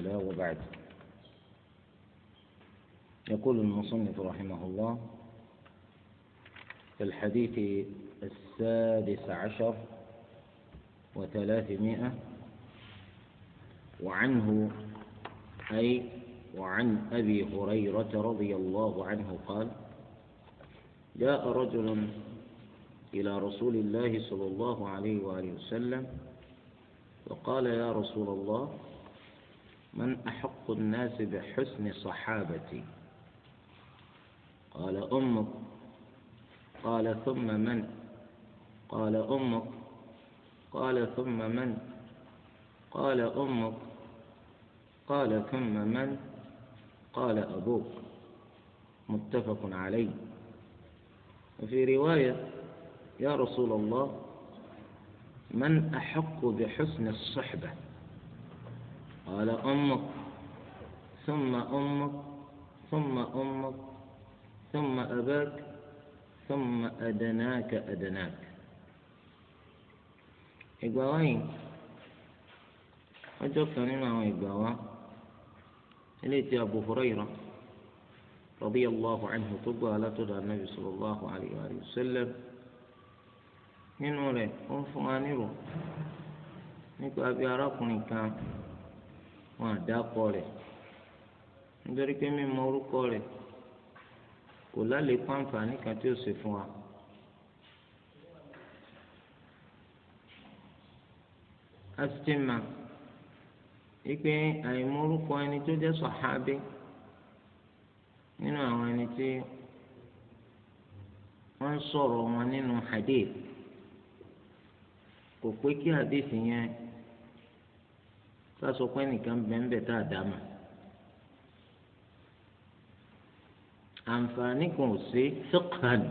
تعالى وبعد يقول المصنف رحمه الله في الحديث السادس عشر وثلاثمائة وعنه أي وعن أبي هريرة رضي الله عنه قال جاء رجل إلى رسول الله صلى الله عليه وآله وسلم وقال يا رسول الله من أحق الناس بحسن صحابتي قال أمك قال ثم من قال أمك قال ثم من قال أمك قال ثم من قال أبوك متفق عليه وفي رواية يا رسول الله من أحق بحسن الصحبة قال أمك ثم أمك ثم أمك ثم أباك ثم أدناك أدناك ìgbà wa yìí ọjọ́ kan nínú àwọn ìgbà wa ilé tí Abu Hurairah radiyallahu anhu tó gbà látọ̀dọ̀ anábì sallallahu alayhi wa sallam nínú rẹ̀ ó ń fún wa nírò nípa bí arákùnrin kan. wọn àdàkọ rẹ̀ nítorí pé mímọ̀ orúkọ rẹ̀ kò lálẹ́kọ́ àǹfààní kan tí ó ṣe fún wa. a sì ti mà wípé ẹni tó jẹ́ sọ̀hábí nínú àwọn ẹni tí wọ́n sọ̀rọ̀ wọn nínú hadith kò pé kí hadith yẹn. sásọ pé nìkan bẹ́ńbẹ́ tá a dá mà àǹfààní kan ò sí sọ́kàlù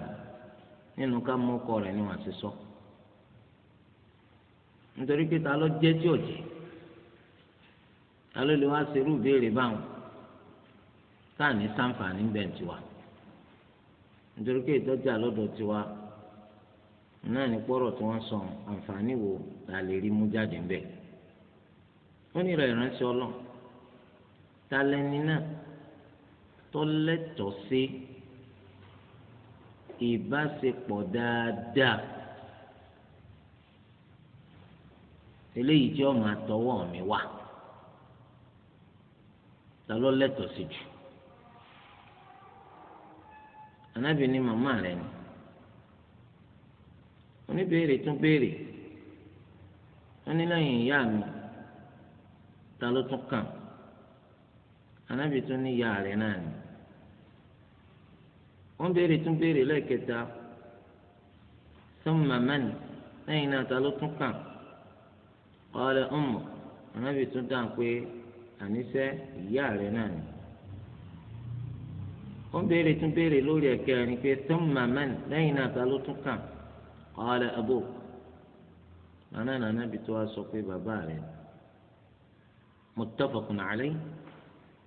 nínú ká mú ọkọ rẹ̀ níwọ̀n àti sọ nítorí pé ta ló jẹ́ tí ò jẹ́ ta ló lè wá serú ìbéèrè báwọn táà ní sáǹfààní ń bẹ̀ tiwa nítorí pé ìtọ́jà lọ́dọ̀ tiwa náà ní pọ́rọ̀ tí wọ́n sọ àǹfààní wo la lè rí mú jáde ń bẹ̀ẹ́ wọ́n ní ìrọ̀ ìránṣẹ́ ọlọ́run talẹ́ni náà tó lẹ́tọ̀ọ́ sí ìbáṣepọ̀ dáadáa eléyìí tí ọmọ àtọwọ́ mi wà ta ló lẹ́tọ̀ọ́ sí jù anábì màmá rẹ ni oníbèrè tún béèrè wọ́n ní lẹ́yìn ìyá mi. ta ló tún kàn anábì tún ní ìyá rẹ̀ náà ni wọ́n béèrè tún béèrè lẹ́ẹ̀kẹta summa ni lẹ́yìn náà ta ló tún kàn qala ummu anábì tún dáhùn pé àníṣe ìyá rẹ̀ náà ni wọ́n béèrè tún béèrè lórí ẹ̀kẹ́ ẹni pé summa man lẹ́yìn náà ta ló tún kàn qala abu nana sọ pé bàbá rẹ̀ متفق عليه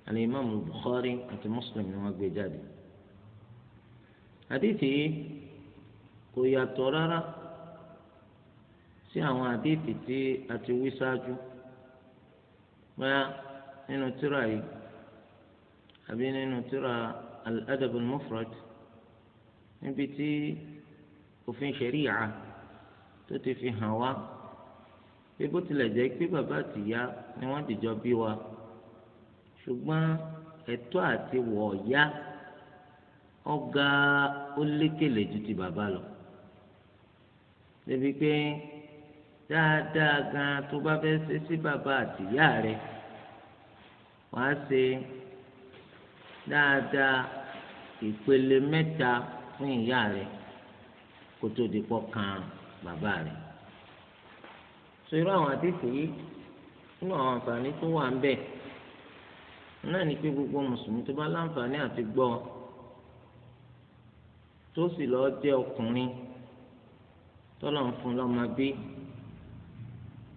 الإمام البخاري أنت مسلم من وجه جابي حديثي قويا ترارا سي أو حديثي تي أتي ويساجو ما إنو تراي أبين إنو ترى الأدب المفرد إن بيتي وفي شريعة تتي في هواء pé bó tilẹ̀ jẹ́ pé bàbá àtìyá ni wọ́n ti jọ bí wa ṣùgbọ́n ẹ̀tọ́ àti wọ̀ọ́yá ọ̀gá ó lékele ju ti bàbá lọ débi pé dáadáa gan tó bá fẹ́ ṣe sí bàbá àtìyá rẹ wàá ṣe dáadáa ìpele mẹ́ta fún ìyá rẹ kó tó di pọ́ kan bàbá rẹ so irú àwọn àtẹ̀tẹ̀ yìí nínú àwọn àǹfààní tó wà ń bẹ̀ náà ni pé gbogbo mùsùlùmí tó bá láǹfààní àti gbọ́ tó sì lọ jẹ́ ọkùnrin tọ́lọ̀ ń fún lọ́mọ bí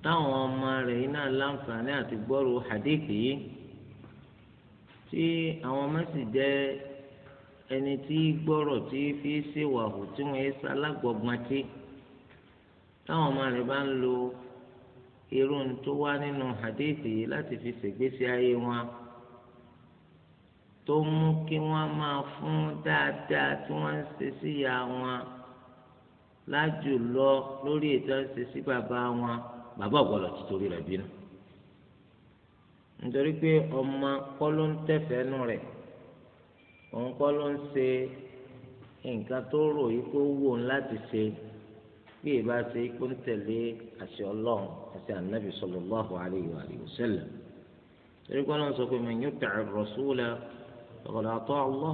táwọn ọmọ rẹ̀ iná láǹfààní àti gbọ́rò hadithi yìí tí àwọn ọmọ sì jẹ́ ẹni tí gbọ́rọ̀ tí fi ṣèwàhù tí wọ́n yé sálágbọ̀gbọ́n tí táwọn ọmọ rẹ̀ bá ń lo irú tó wá nínú hadith yìí láti fi ṣègbésí ayé wọn tó mú kí wọ́n máa fún dáadáa tí wọ́n ń ṣe sí ìyá wọn lájùlọ lórí ètò ń ṣe sí bàbá wọn bàbá ọ̀gbọ́dọ̀ ti torí rẹ̀ bínú nítorí pé ọmọ kọ́ ló ń tẹ̀fẹ́nu rẹ̀ òun kọ́ ló ń ṣe nǹkan tó rò yìí kó wù òun láti ṣe bí ìbá ṣe kó ń tẹ̀lé àṣẹ ọlọ́run àti ànábì sallallahu alayhi wa sallam torí kọ́ náà sọ pé man yuti'i ar-rasula faqad ata'a Allah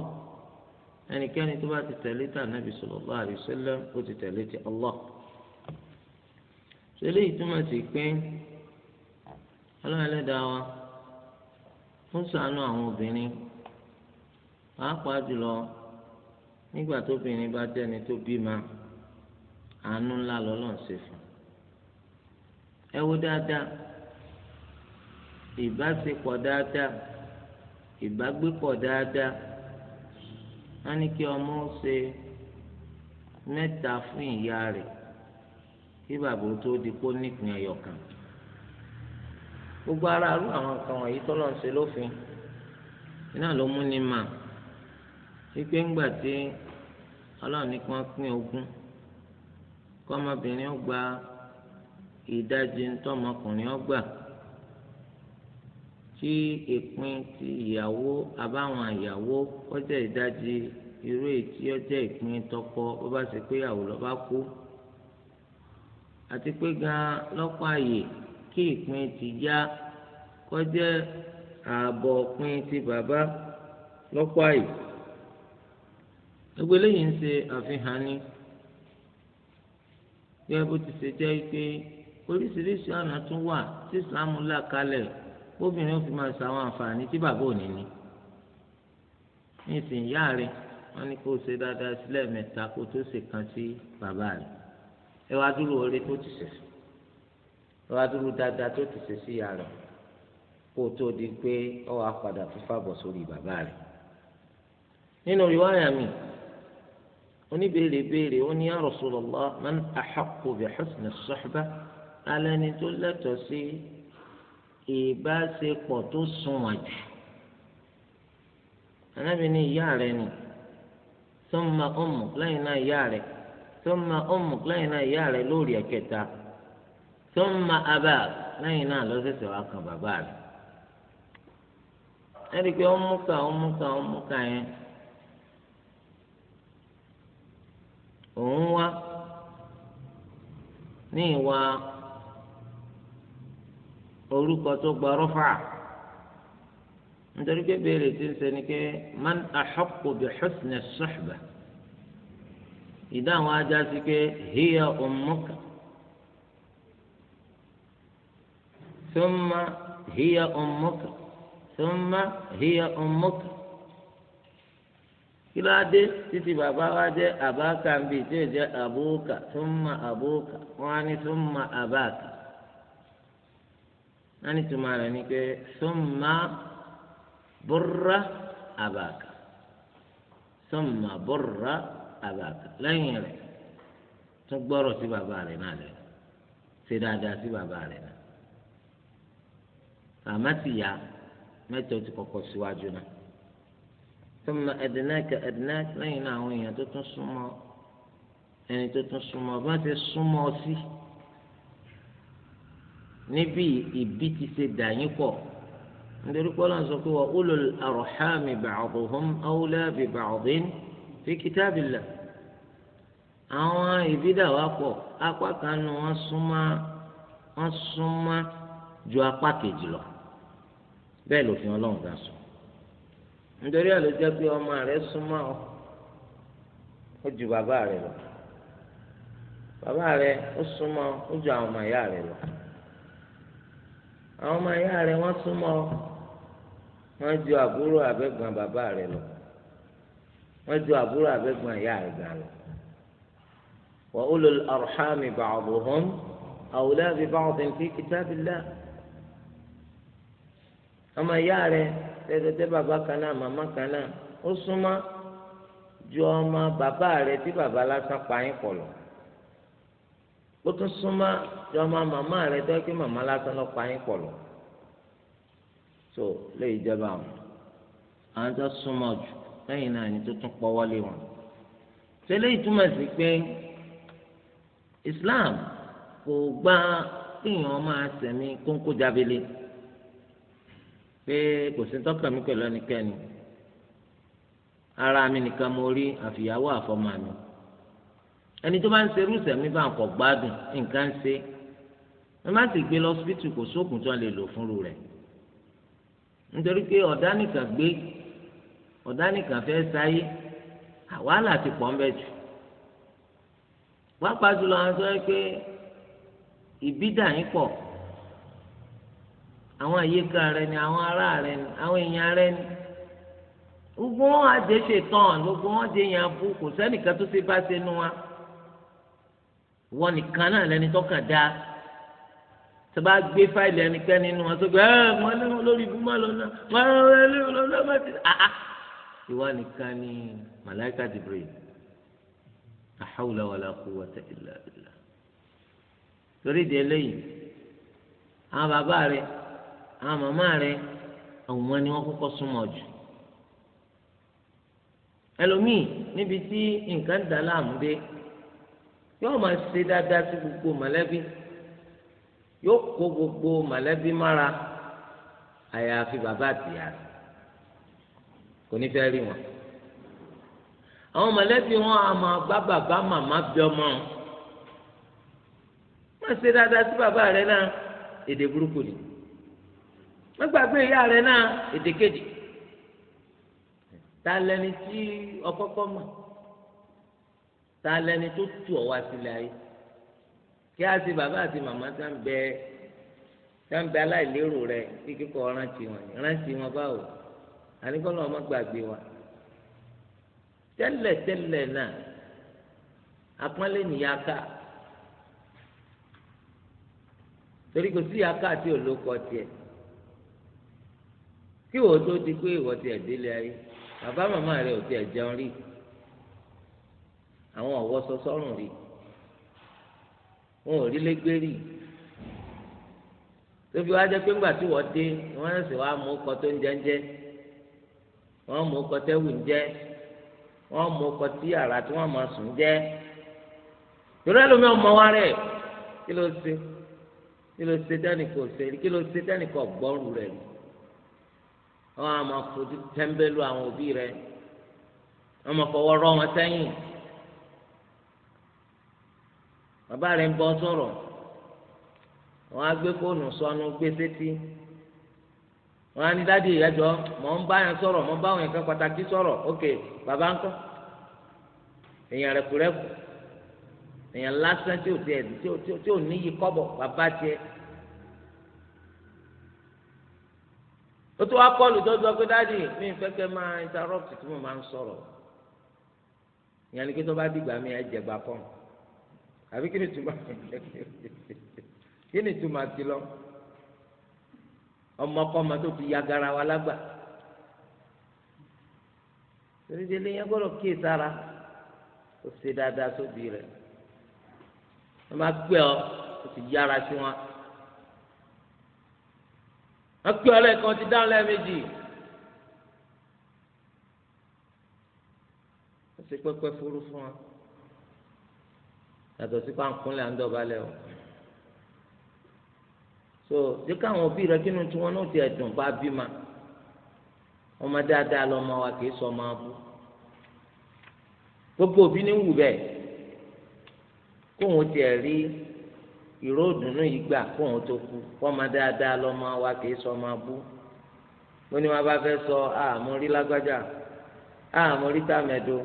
ẹnikẹ́ni tó bá ti tẹ̀lé tà ànábì sallallahu alayhi wa sallam ó ti tẹ̀lé ti Allah. sẹ́lẹ̀ ìtumọ̀ sí pé ọlọ́run ẹlẹ́dàá wa fún ṣàánú àwọn obìnrin pàápàá jùlọ nígbà tóbìnrin bá jẹ́ni tó bímọ àánú ńlá lọ́lọ́run ṣe fún un ẹ wo dáadáa ìbáṣepọ̀ dáadáa ìbágbépọ̀ dáadáa wọ́n ní kí ọmọ ṣe mẹ́ta fún ìyá rẹ̀ kí bàbá tó di kó nípìn ẹyọ kan gbogbo ara rú àwọn nǹkan wọ̀nyí tọ́lọ̀ ń ṣe lófin iná ló mú ni mà wípé ńgbà tí ọlọ́run ní kí wọ́n pín ogún kọ́mọbìnrin ó gba ìdajì ńtọ́mọkùnrin ó gbà tí ìpín ti ìyàwó abáwọn àyàwó ọjọ́ ìdajì irú ètí ọjọ́ ìpín tọkọ bó bá ṣe pé ìyàwó lọ bá kú àti pé gan lọ́pọ̀ àyè kí ìpín ti yá kọjá ààbọ̀ pín ti bàbá lọ́pọ̀ àyè gbogbo eléyìí ń ṣe àfihàn ni gẹ́gẹ́ bó ti ṣe jẹ́ pé oríṣiríṣi ọ̀nà tún wà tí islam là kalẹ̀ obìnrin ó fi máa ṣe àwọn àǹfààní tí bàbá ò ní ní. nísìnyí ìyá rẹ̀ wọ́n ní kó o ṣe dáadáa sílẹ̀ mẹ́ta kó o tó ṣe kan sí bàbá rẹ̀ ẹ wá dúró oore tó ti ṣe ẹ wá dúró dáadáa tó ti ṣe sí ìyá rẹ̀ kó o tó di pé ọ wàá padà fífà sórí bàbá rẹ̀. nínú ìwáyà mi. oni béèrè ó ní ya man axaku bi xusni as-suhbah alẹ́ni tó lẹ́tọ̀ọ́ sí ìbáṣepọ̀ tó sunwọ̀n jù anábìíní ìyá rẹ̀ ni thumma ummuk lẹ́yìn náà ìyá rẹ̀ thumma ummuk lẹ́yìn náà ìyá rẹ̀ lórí ẹ̀kẹta thumma abak lẹ́yìn náà lọ́sẹ̀sẹ̀ wàá kan bàbá rẹ̀ ẹ̀rí pé kan omo kan yẹn. òun wá ní ìwà orúkọ tó gba rọ́fà nítorí pé béèrè ti ń sẹni pé man ahaqqu bi husni suhba ìdáhùn ajá sí pé hiya ummuka thumma hiya ummuka thumma hiya kí ló á dé títí bàbá wa jẹ́ àbáka ń bì tí ò jẹ́ àbóka túmọ̀ àbóka wọ́n á ní túmọ̀ àbáka wọ́n á ní túmọ̀ rẹ̀ ni pé túmọ̀ búrra àbáka túmọ̀ búrra àbáka lẹ́yìn rẹ̀ tún gbọ́rọ̀ sí bàbá rẹ̀ náà lẹ́nu ṣe dáadáa sí bàbá rẹ̀ náà àmọ́ ti yá mẹ́tọ́ ti kọ́kọ́ síwájú náà. ثم أدناك أدناك لين عوين تتسمى يعني تتسمى ما تسمى سي níbi ìbí ti ṣe dàyín pọ̀ nítorí pé ọlọ́run sọ pé wa ulul arhami ba'duhum awla bi ba'din fi kitabillah àwọn ìbídàwà pọ̀ apá kan nu wọ́n súnmọ́ wọ́n súnmọ́ ju apá kejì lọ bẹ́ẹ̀ lòfin ọlọ́run gan sọ nítorí àlọ́ jẹ́ pé ọmọ rẹ̀ súnmọ́ ọ ó ju bàbá rẹ̀ lọ bàbá rẹ̀ ó súnmọ́ ó ju àwọn ọmọ ìyá rẹ̀ lọ àwọn ọmọ ìyá rẹ̀ wọ́n súnmọ́ ọ wọ́n ju àbúrò abẹ́gbọ̀n bàbá rẹ̀ lọ wọ́n ju àbúrò abẹ́gbọ̀n ìyá rẹ̀ gan lọ wa ulul arhami ba'duhum awla bi ba'din fi kitabillah ọmọ ìyá rẹ̀ tẹ́tẹ́tẹ́ bàbá kan náà màmá kan náà ó súnmọ́ ju ọmọ bàbá rẹ tí bàbá lásán pa yín pọ̀ lọ ó tún súnmọ́ ju ọmọ màmá rẹ tó kí màmá lásán lọ pa yín pọ̀ lọ so lè jẹba àwọn àwọn tó súnmọ́ jù lẹ́yìn náà ni tó tún pọ̀ wọlé wọn tẹ́lẹ̀ ìtumọ̀ sí pé Islam kò gbà kéèyàn máa sẹ̀mí kónkó jábélé pé kò sí tọ́kàn mi pẹ̀lú ẹnikẹ́ni ara mi nìkan mo rí àfìyàwó àfọmọ mi ẹni tó bá ń ṣerú sẹ̀mí bá ń kọ̀ gbádùn nǹkan ń ṣe wọ́n má sì gbé lọ síbítù kò sóògùn tí wọ́n lè lò fúnru rẹ̀ nítorí pé ọ̀dá nìkan gbé ọ̀dá nìkan fẹ́ sáyé wàhálà ti pọ̀ ń jù wọ́n pa jùlọ àwọn tó yẹ pé ìbídà yín pọ̀ àwọn àyíká rẹ ni àwọn ará rẹ ni àwọn èèyàn rẹ ni gbogbo wọn àjẹ ṣetán gbogbo wọn jẹ èèyàn abú kò sẹ́nìkan tó ṣe bá ṣe nu wa wọn nìkan náà lẹni tó kàn dá tó bá gbé fáìlì ẹnikẹ́ni nu wọn tó gbé ẹ wọn lé wọn lórí ibùmọ̀ lọ́nà wọn lé wọn lọ́nà bá ti àá ah, ah. ìwà nìkan ni màláìka Jibril la hawla wala quwwata illa billah torí di eléyìí àwọn bàbá rẹ àwọn màmá rẹ àwọn ni wọ́n kọ́kọ́ súnmọ́ jù ẹlòmíì níbi tí nǹkan dà láàmú dé yóò máa ṣe dáadáa sí gbogbo mọ̀lẹ́bí yóò kó gbogbo mọ̀lẹ́bí mára àyàfi bàbá àtìyá rẹ̀ kò ní fẹ́ rí wọn. àwọn mọ̀lẹ́bí wọn a máa bá bàbá màmá bí ọmọ máa ṣe dáadáa sí bàbá rẹ̀ náà èdè burúkú ni má gbàgbé ìyá rẹ náà èdè kejì ta lẹni tí ọkọkọ mọ ta lẹni tó tu ọwọ́ àtìlẹ ayé kí á sí bàbá àti màmá tá ń bẹ tá ń bẹ aláìlérò rẹ bí kíkọ rántí wọn rántí wọn báwo àníkọ́nà ọmọ gbàgbé wa tẹ́lẹ̀ tẹ́lẹ̀ náà apọ́nlé nìyá ká torí kò sí ìyá ká àti olókọ tiẹ̀ kí wò ó tó di pé ìwọ ti ẹ̀dílé ayé bàbá màmá rẹ ò ti ẹ̀jẹun rí àwọn ọ̀wọ́ sọsọ́rùn rí wọn ò rí lẹ́gbẹ́ rí tóbi wá jẹ́ pé ńgbà tí wọ́n dé wọ́n sì wá mú ọkọ̀ tó ń jẹ́ńjẹ́ wọ́n mú ọkọ̀ tẹ́wù ń jẹ́ wọ́n mú ọkọ̀ tí yàrá tí wọ́n máa sùn jẹ́ torí ẹlòmí ọmọ wa rẹ̀ kí ló ṣe kí ló ṣe dání ṣe kí ló ṣe dání kò gbọ́rù rí. wọn a máa fojú tẹ́ńbẹ́lú àwọn òbí rẹ wọn máa fọwọ́ rọ́ wọn sẹ́yìn bàbá rẹ ń bọ́ sọ̀rọ̀ wọn á gbé fóònù sọnù gbé sétí wọn á ní dádì mọ ń bá yẹn sọ̀rọ̀ mọ ń bá àwọn yẹn pàtàkì sọ̀rọ̀ ok bàbá ń kọ́ ó tún wá kọ́ọ̀lù tó sọ pé dáàdì mi ń fẹ́ kẹ́ máa interrupt tí mo máa ń sọ̀rọ̀ ìyẹn ni pé tó bá dìgbà mi ẹ̀ jẹ̀gbà pọ́n àbí kí ni túmọ̀ kí ni túmọ̀ ti lọ ọmọkọ́mọ tó fi ya gara wa lágbà torí délé yẹn gbọ́dọ̀ kíyè sára ó ṣe dáadáa sóbì rẹ̀ wọ́n máa pẹ́ ọ ti yára sí wọn wọn pè ọ lẹ́ẹ̀kan ti dáhùn lẹ́ẹ̀mejì wọn sì pẹpẹ fúru fún wa yàtọ̀ sí pàǹkúnlẹ̀ à ń dọ̀bálẹ̀ o so jẹ́ káwọn òbí rẹ kínú tí wọn náà ti ẹ̀dùn bá bí ma ọmọ dáadáa lọmọ wa kì í sọ ọmọ abú gbogbo òbí ní wù bẹ́ẹ̀ kóun tiẹ̀ rí ìró ìdùnnú yìí gbà kó òun tó kú fọmọ dáadáa lọmọ wa kì í sọ ọmọ abú ó ní wọn bá fẹ́ sọ àmọ rí lágbájá àmọ rí tàmẹdó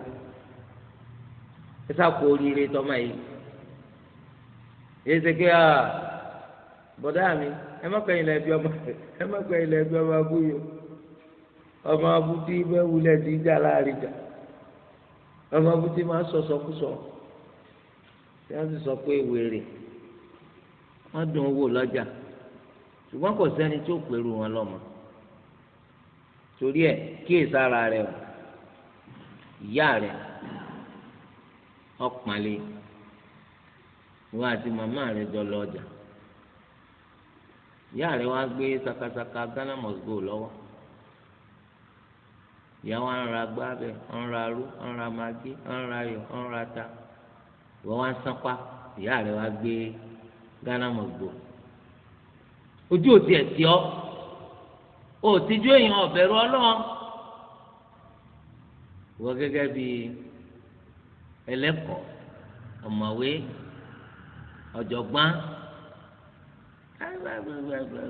ẹ sàkó oríire tọmọ yìí èyí ṣe pé bọ̀dá mi ẹ má pẹ́yìn lẹ́bi ọmọ ẹ má pẹ́yìn lẹ́bi ọmọ abú yìí ọmọ abú tí bẹ́ẹ̀ wulẹ̀ ti jà láàrin jà ọmọ abú tí máa sọ̀sọ̀ kú sọ tí wọ́n sọ pé wèrè. wọ́n dùn wò lọ́jà ṣùgbọ́n kò sẹ́ni tí ó pèrú wọn lọ́mọ torí ẹ̀ kíyèsí ara rẹ o ìyá rẹ ọpọnlé ìwọ àti màmá rẹ jọ lọ ọjà ìyá rẹ wá gbé sakasaka Ghana must go lọ́wọ́ ìyá wa ń ra gbábẹ ń ra arú ń ra magi ń ra ayọ ń ra ta ìwọ wá ń sápá ìyá rẹ wá gbé. ghana must go ojú ò tiẹ̀ tí ọ́ ò tíjú èèyàn ọ̀bẹ̀rù ọlọ́run wọ́n gẹ́gẹ́ bí ẹlẹ́kọ̀ọ́ ọ̀mọ̀wé ọ̀jọ̀gbọ́n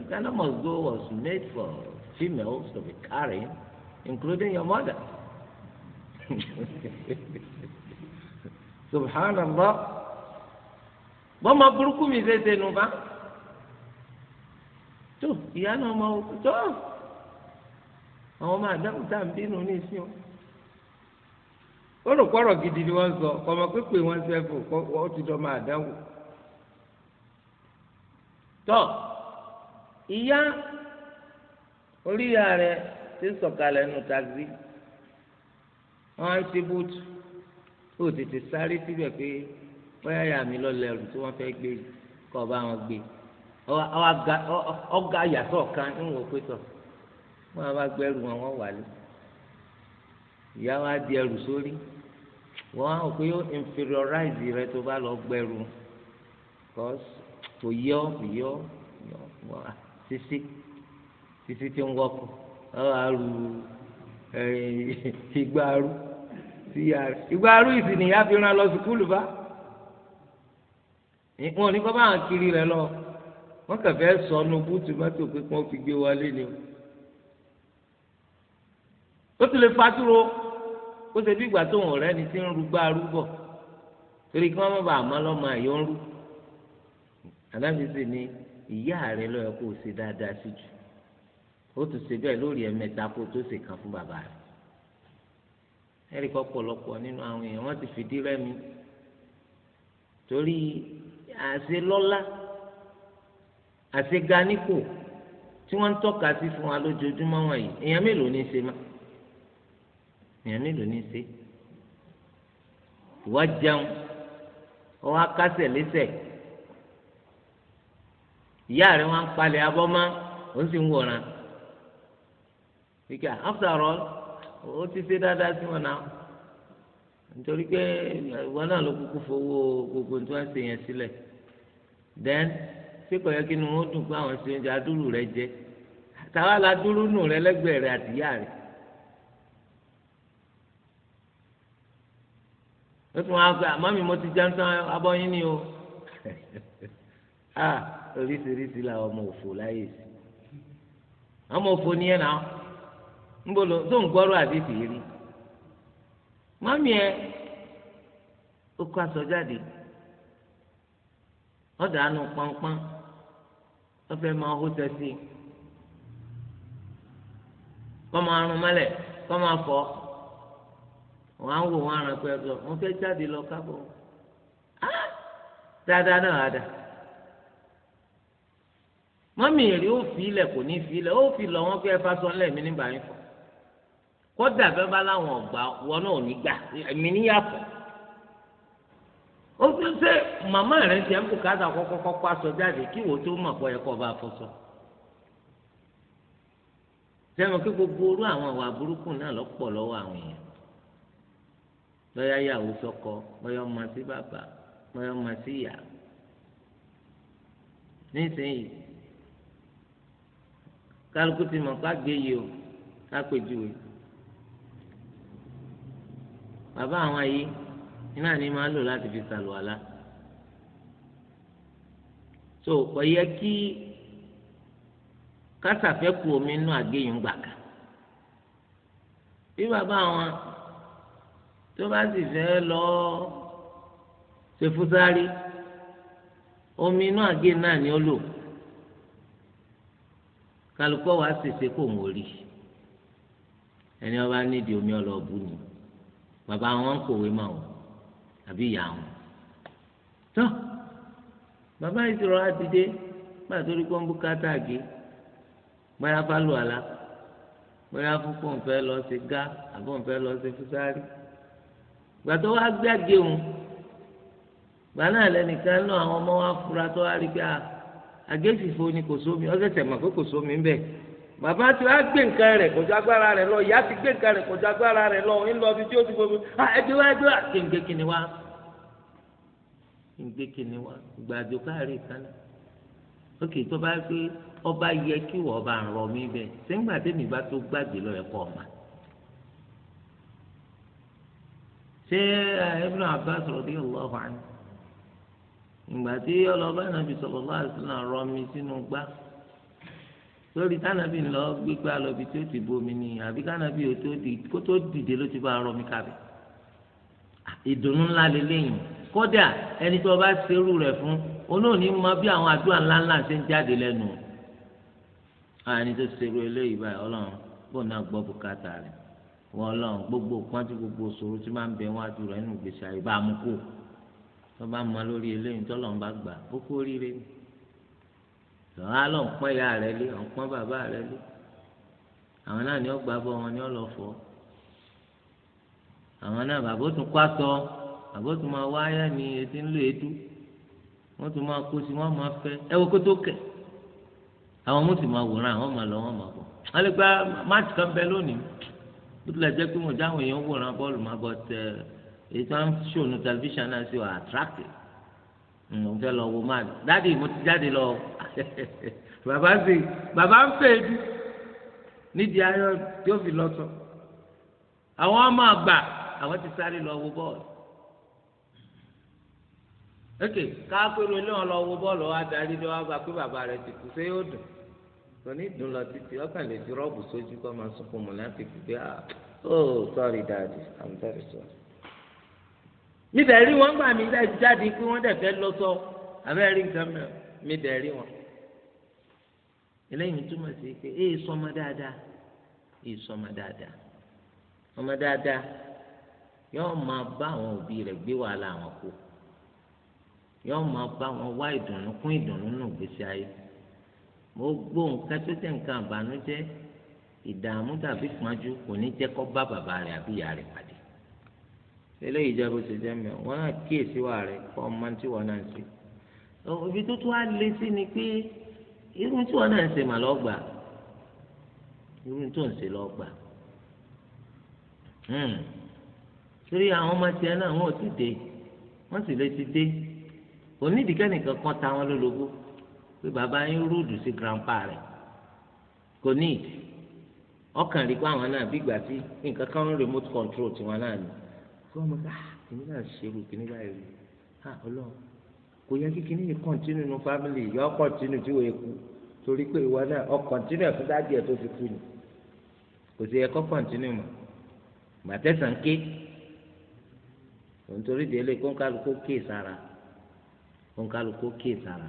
ghana must go was made for females to be carrying including your mother subhanallah bọ́mọ burúkú mi ṣe ṣe nù bá tó ìyá náà mọ òkú tó àwọn ọmọ àdáhùn tá à ń bínú ní ìsìn o ó rò pọ̀rọ̀ gidi ni wọ́n sọ ọmọ pípé wọn sẹ́fù kọ́ ó ti dọ́ máa dáhùn tó ìyá oríyá rẹ ti sọ̀kalẹ̀ nù taxi wọ́n á ń ṣe búùtù ó tètè sáré síbẹ̀ pé bóyá yà mí lọ́lẹ̀ ẹrù tí wọ́n fẹ́ gbé kọ́ ọ bá wọn gbé ọ̀gá yàtọ̀ kan ń wò pé tọ̀ wọ́n á bá gbẹ́rù wọn wọ́n wà lé ìyá wa di ẹrù sórí wọ́n á wò pé yóò inferiorize rẹ tó bá lọ gbẹ́rù cause kò yọ kò yọ sisi sisi tí ń wọ́pọ̀ ọ̀ àrù ìgbà àrù ìgbà àrù ìsìn nìyá fi ràn lọ sùkúlù bá wọn ò ní kọ́ bá àwọn kiri rẹ lọ wọn kàn fẹ́ sọ ọ́nù búùtù mọ́tò pé kí wọ́n fi gbé wọlé ni o ó ti lè fatúro ó ṣe bí ìgbà tó wọn ọ̀rẹ́ ni ti ń rúgbà rúbọ̀ torí kí wọ́n má bàa má lọ́mọ àyọ̀ ń sì ni ìyá rẹ lọ́yọ̀ kó o ṣe dáadáa sí jù ó tún ṣe bẹ́ẹ̀ lórí ẹ̀mẹ́ta kó o tó ṣe kàn fún bàbá rẹ ẹ̀rí kọ́ pọ̀lọpọ̀ nínú àwọn èèyàn wọ́n ti fìdí rẹ́mi torí àṣelọ́lá àṣeganíkò tí wọ́n ń tọ́ka sí fún wa lójoojúmọ́ wọ̀nyí èèyàn mélòó ní í ṣe má èèyàn mélòó ní í ṣe ìwà jẹun ọwọ́ akásẹ̀ lẹ́sẹ̀ ìyá rẹ̀ wọ́n ń palẹ̀ abọ́ mọ́ òun sì ń wòran. because after all ó ti ṣe dáadáa sí wọn náà nítorí pé ìwọ náà ló kúkú fowó gbogbo tí wọ́n ṣe yẹn sílẹ̀ then ṣé kò yẹ kí ni wọ́n dùn pé àwọn ṣe oúnjẹ adúrú rẹ jẹ tàwa la dúró nù rẹ lẹ́gbẹ̀ẹ́ rẹ àtìyá rẹ. ó tún wá pé àmọ́ mi mo ti jẹun tán abọ́yín ni o ah oríṣiríṣi làwọn ọmọ òfò láyè sí ọmọ òfò ni ẹ̀ náà ń bolo tó ń gbọ́rọ̀ àdìsí rí. mọ́mí ẹ ó kó aṣọ jáde ọ̀dà àánú pọ́npọ́n wọ́n fẹ́ máa hó tẹ́sí kọ́ máa rún mọ́lẹ̀ kọ́ máa o wọ́n á ń wò wọ́n aràn pé ẹ jáde lọ dáadáa náà á mọ́mí èrè ó fi kò fi lọ lɛ mi kódà bẹ́ẹ̀ bá láwọn ọ̀gbà wọn náà ò ní gbà ẹ̀mí níyàtọ̀ ó tún ṣe màmá rẹ̀ ti ẹ̀ ń bùkátà kọ́kọ́kọ́ aṣọ jáde kí wò ó tó mọ̀ pọ̀ yẹ kó bá fọṣọ. sẹ́wọ̀n kí gbogbo orú àwọn àwà burúkú náà lọ́pọ̀ lọ́wọ́ àwọn èèyàn lọ́yà yàwó sọkọ lọ́yà ọmọ sí bàbá lọ́yà ọmọ sí ìyá nísìnyí kálukú ti mọ̀ ká gbé yìí o bàbá àwọn yìí iná ni máa ń lò láti fi sàlùwàlá so kò yẹ kí kásàfẹ́kù omi inú àgéyìn gbà kan bí bàbá àwọn tó bá sì fẹ́ lọ ṣe fúsárì omi inú àgéyìn náà ni ó lò kálukọ́ wa sì ṣe kò ń wòlíì ẹni ọba nídìí omi ọlọ́ọ̀bù ni bàbá wọn ń kòwé mà o àbí ìyá wọn tó bàbá ìṣòro àdìdé gbà tó rí pọ́ńbù kátàgé bóyá bá lù àlá bóyá fúnpọ̀ ń fẹ́ lọ sí gá àbọ̀ ń fẹ́ lọ sí fúsárì gbà tó gbé àgé òun gbà lẹnìkan náà àwọn ọmọ wa fura tó wá rí pé àgé sì fo ni kò sómi ọ́ sẹ̀sẹ̀ mà pé kò sómi ń bẹ̀. bàbá tí wàá gbé nǹkan rẹ̀ kọjá agbára rẹ̀ lọ ìyá ti gbé nǹkan rẹ̀ kọjá agbára rẹ̀ lọ ń lọ bí tí ó ti gbogbo ẹjọ́ wá ẹjọ́ àgbègbè kìnì wa gbègbè kìnì wa gbàdúrà káàrí ókè tó bá gbé ọba yẹ kí wọ́n bá ń rọ mí sẹ́ńgbà tẹ́mi bá tó gbàgbé lọ ẹ̀kọ́ ọ̀ma. ṣé Ibn Abbas lórí kánábì ńlọ gbígbá lọbi tí ó ti bomi ni àbí kánábì ó tó di kó tó dìde ló ti bá a rọmi kábẹ ìdùnnú ńlá lélẹyìn kódà ẹni tí wọn bá ṣerú rẹ fún olóòní mọ bí àwọn àdúrà ńláńlá ṣe ń jáde lẹ́nu àní tó ṣerú eléyìí báyìí Ọlọ́run kó náà gbọ́ bùkátà rẹ wọn Ọlọ́run gbogbo pọ́njú gbogbo sòrò tí máa ń bẹ wájú rẹ nínú ìgbésí ayé bá mú kó tó bá mọ lórí eléyìí tọ́lọ́run bá gbà ó kó oríire ni lọ́n á lọ́n pọ́n ìyá rẹ lé ọ̀n pọ́n bàbá rẹ lé àwọn náà ni ó gbà bọ́ wọn ni ó lọ fọ́ àwọn náà bàbá tún kó aṣọ bàbá tún máa wá ayá ni etí ń lò édú wọ́n tún máa kó sí wọ́n máa fẹ́ ẹ wo kó tó kẹ̀ àwọn ọmọ sì máa wòran àwọn máa lọ wọ́n máa bọ̀ wọ́n lè gba máàtì kan bẹ lónìí bó tilẹ̀ jẹ́ pé mo jáwọ́ èèyàn wòran bọ́ọ̀lù máa bọ̀ tẹ èyí tí wọ́n ń ṣòwò tẹlifíṣàn náà sí wà attractive mo fẹ́ lọ wo máàtì dáàdi mo ti jáde lọ bàbá ṣe bàbá ń fẹ́ ẹdú nídìí ayọ̀ tí ó fi lọ sọ àwọn ọmọ àgbà àwọn ti sáré lọ wo bọ́ọ̀lù ok káàpẹ̀rù ilé wọn lọ wo bọ́ọ̀lù wa darí lọ wá gba pé bàbá rẹ ti kú ṣé yóò dùn kò dùn lọ títí ọkàn lè fi rọ́ọ̀bù sójú kó máa sunkún mọ̀ láti fi pé ah oh sorry daddy i'm very sorry. mi dẹ̀ rí wọn gbà mí jáde pé wọ́n dẹ̀ fẹ́ lọ sọ abẹ́rẹ́ nǹkan mẹ́rin mi dẹ̀ rí wọn eléyìí túmọ̀ sí pé èyí sọmọ dáadáa èyí sọmọ dáadáa ọmọ dáadáa yóò máa bá àwọn òbí rẹ̀ gbé wàhálà àwọn kú yóò máa bá wọn wá ìdùnnú kún ìdùnnú nù gbèsè ayé mo gbó nǹkan tó jẹ́ nǹkan àbànújẹ́ ìdààmú tàbí pọ́njú kò ní jẹ́ kó bá bàbá rẹ̀ àbí ìyá rẹ̀ pàdé eléyìí jẹ́ bó ṣe jẹ́ mẹ́wọ́n wọn náà kíyèsí wà rẹ̀ kọ́ ọmọ tí wọn náà ń ṣe ibi tó tún á lé sí ni pé irú tí wọn náà ń ṣe mà lọ́gbà irú tó ń ṣe lọ́gbà hmm. torí àwọn ọmọ tiẹ̀ náà wọn ò ti dé wọn sì lè ti dé onídìíkẹ́nìkan kan ta wọn lólobó pé bàbá yín rúdù sí grandpa rẹ̀ kò ní ìdí ọkàn rí pé àwọn náà bí ìgbà tí nǹkan kan ń remote control tiwọn náà ni kí wọn mọ ah, ká kìnìún náà ṣerú kìnìún báyìí rí ha ah, ọlọ́run kò yẹ kí kíní yìí kọ̀ntínú nu fámìlì yìí ọ kọ̀ntínú tí wòye kú torí pé ìwọ náà ọ kọ̀ntínú ẹ̀ fún dájú ẹ̀ tó fi kú ni kò sí ẹ̀kọ́ kọ̀ntínú mọ̀ gbàtẹ́sán ké nítorí délé kónkálukó ké sára kónkálukó ké sára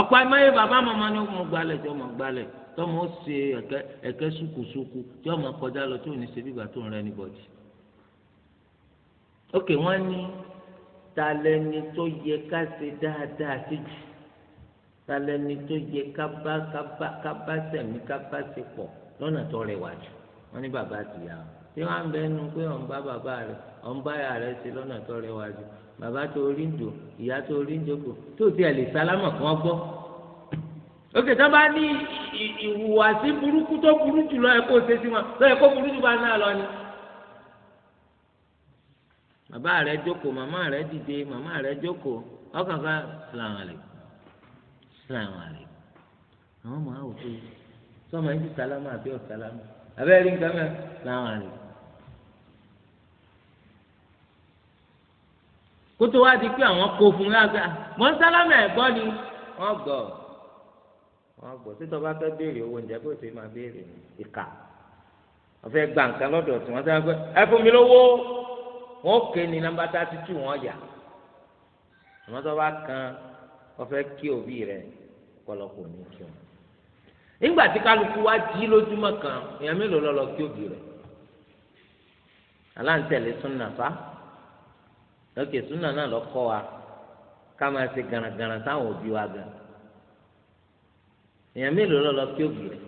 ọ̀pọ̀ ẹ̀mẹ́yẹ bàbá màmá ni ó mọ̀ gbalẹ̀ tí ó mọ̀ gbalẹ̀ tí ọmọ ṣe ẹ̀kẹ́ ẹ̀kẹ́ tí ọmọ kọjá lọ tí ò ní ṣe bí tó ń rẹ́ níbọ̀dì. ókè talẹni tó yẹ ká ṣe dáadáa sí jù talẹni tó yẹ ká bá ká bá ká bá sẹmí ká bá ṣe pọ̀ lọ́nà tó rẹwà jù wọn ní bàbá ti yà wọn tí wọn bẹ nu pé wọn bá bàbá rẹ wọn bá yà rẹ ṣe lọ́nà tó rẹwà jù bàbá tó rí ń dò ìyá tó rí ń jókòó tó tiẹ̀ lè sálámà kí wọ́n gbọ́. òkè tó bá ní ìhùwàsí burúkú tó burú jù lọ kó o ṣe sí wọn lọ kó burú jù bá náà lọ ni bàbá rẹ joko màmá rẹ dìde màmá rẹ joko ọkàn kan sàlàm àlè àwọn ọmọ àwọn sọmọ yìí sàlámà àbí ọ̀sàlámà abẹ́rẹ́ nǹkan mẹ́ sàlàm kótó wá di pé àwọn kó fún lágbá ni wọ́n gbọ́ wọ́n gbọ́ owó ǹjẹ́ kó o ti máa béèrè ìkà wọ́n fẹ́ nǹkan lọ́dọ̀ tí wọn ké ní nàmbà tá a ti tú wọn yà àmọ́ tó bá kan ọfẹ kí òbí rẹ kọlọkọ ní kí wọn. nígbà tí kálukú wá jí lójúmọ́ kan èèyàn mélòó lọ lọ kí òbí rẹ aláǹtẹ̀lẹ̀ súnà fa lókè súnà náà lọ kọ́ wa ká máa ṣe garagara sáwọn òbí wa gan èèyàn mélòó lọ lọ kí òbí rẹ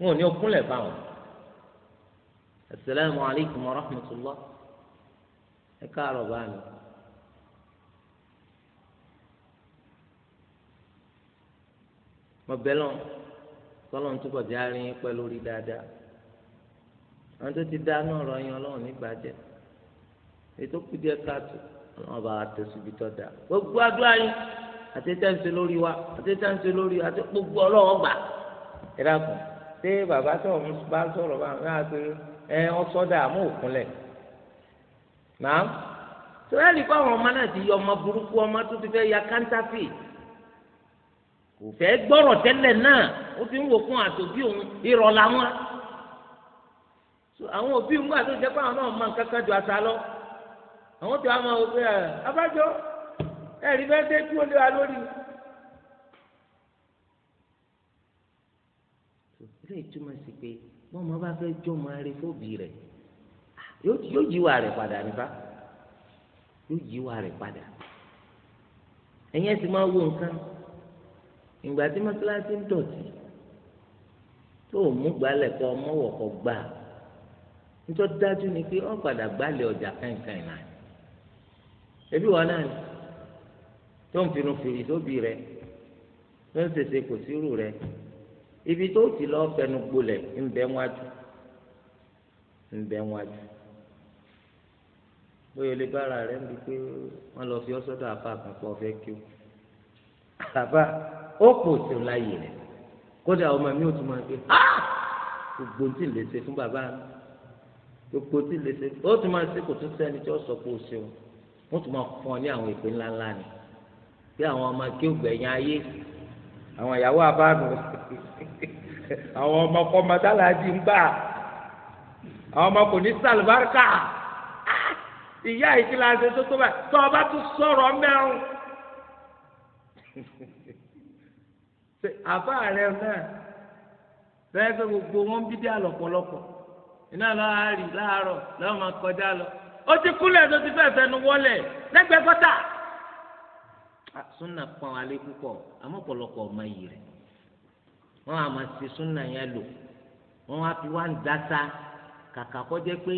wọn ò ní okúnlẹ̀ báwọn asalaamu alaykum wa rahmatulah ẹ káàárọ̀ bá mi. mo bẹ lọ kọlọ́n túbọ̀ jẹ́ àárín pẹ́ lórí dáadáa àwọn tó ti dá náà rọ yín ọlọ́run nígbàjẹ́ ètò kù díẹ̀ káàtó ọlọ́run bá tẹ̀síbi tó dáa gbogbo àdúrà yín àtẹ̀tẹ̀ǹsì lórí wa àtẹ̀tẹ̀ǹsì lórí àti gbogbo ọlọ́run gbà ẹ dákun ṣé bàbá sọ̀rọ̀ bá ń sọ̀rọ̀ bá ń rà pé ẹ wọn sọdọ àmọ́ òkúnlẹ̀ nàá sọyẹ́lì kó àwọn ọmọ náà ti yọ ọmọ burúkú ọmọ tó ti ya kántàfì kò fẹ́ gbọ́rọ̀ náà ó fi ń wò fún àtòbí òun irọ́ làwọn àwọn òbí ń gbà tó jẹ́ pé àwọn náà máa ń lọ àwọn tó a ọmọ òbí abájọ bẹ́ẹ̀ wọn máa bá fẹ́ jọ máa rẹ fóbi rẹ̀ yóò yíwà rẹ̀ padà nípa yóò yíwà rẹ̀ padà ẹ̀yin ẹ̀sìn máa wo nǹkan ìgbà tí mọ́tíláṣí ń dọ̀tí tó mú gbalẹ̀ kọ ọmọwọ̀ gbà nítorí ni pé padà gbalẹ̀ ọjà kankan náà ẹbí wọn náà ni tó ń finú fèrè tóbi rẹ ibi tó ti lọ fẹnu gbolẹ̀ ńbẹ wájú ńbẹ wájú bóyá olè bára rẹ ń bi pé wọn lọ fi ọsọdọ àfa kan pọ fẹ kí o àbá ó pò tó láyè rẹ kódà ọmọ mi ò tún máa gbé ha gbogbo tí lè ṣe fún bàbá mi gbogbo tí lè ṣe ó tún máa ṣe kò tún sẹ́ni tí ó sọ pé o ṣeun wọn tún máa fún ọ ní àwọn ìpín ńláńlá ni bí àwọn ọmọ akéwògbẹ̀yìn ayé àwọn ìyàwó abánu àwọn ọmọ kọ́mọ dáládì ń gbà àwọn ọmọ kò ní sàlùbáríkà ìyá ìkìlá ṣe tó tó báyìí tó ọba tó sọ̀rọ̀ mẹ́rùn. àbá rẹ náà bẹ́ẹ̀ fẹ́ gbogbo wọn bí dé àlọ́pọ̀lọpọ̀ iná lọ́ọ́ á láàárọ̀ lọ́ọ́ máa kọjá lọ. ó ti kúlẹ̀ tó ti fẹ́ fẹnu wọlé lẹ́gbẹ̀ẹ́ kọ́tà. Ah, sunna pọn alẹ púpọ̀ àmọ́ pọ̀lọpọ̀ ọmọ yìí rẹ wọn a máa ṣe sunna yẹn lò wọn á fi wá ń dasa kàkà kọjá pé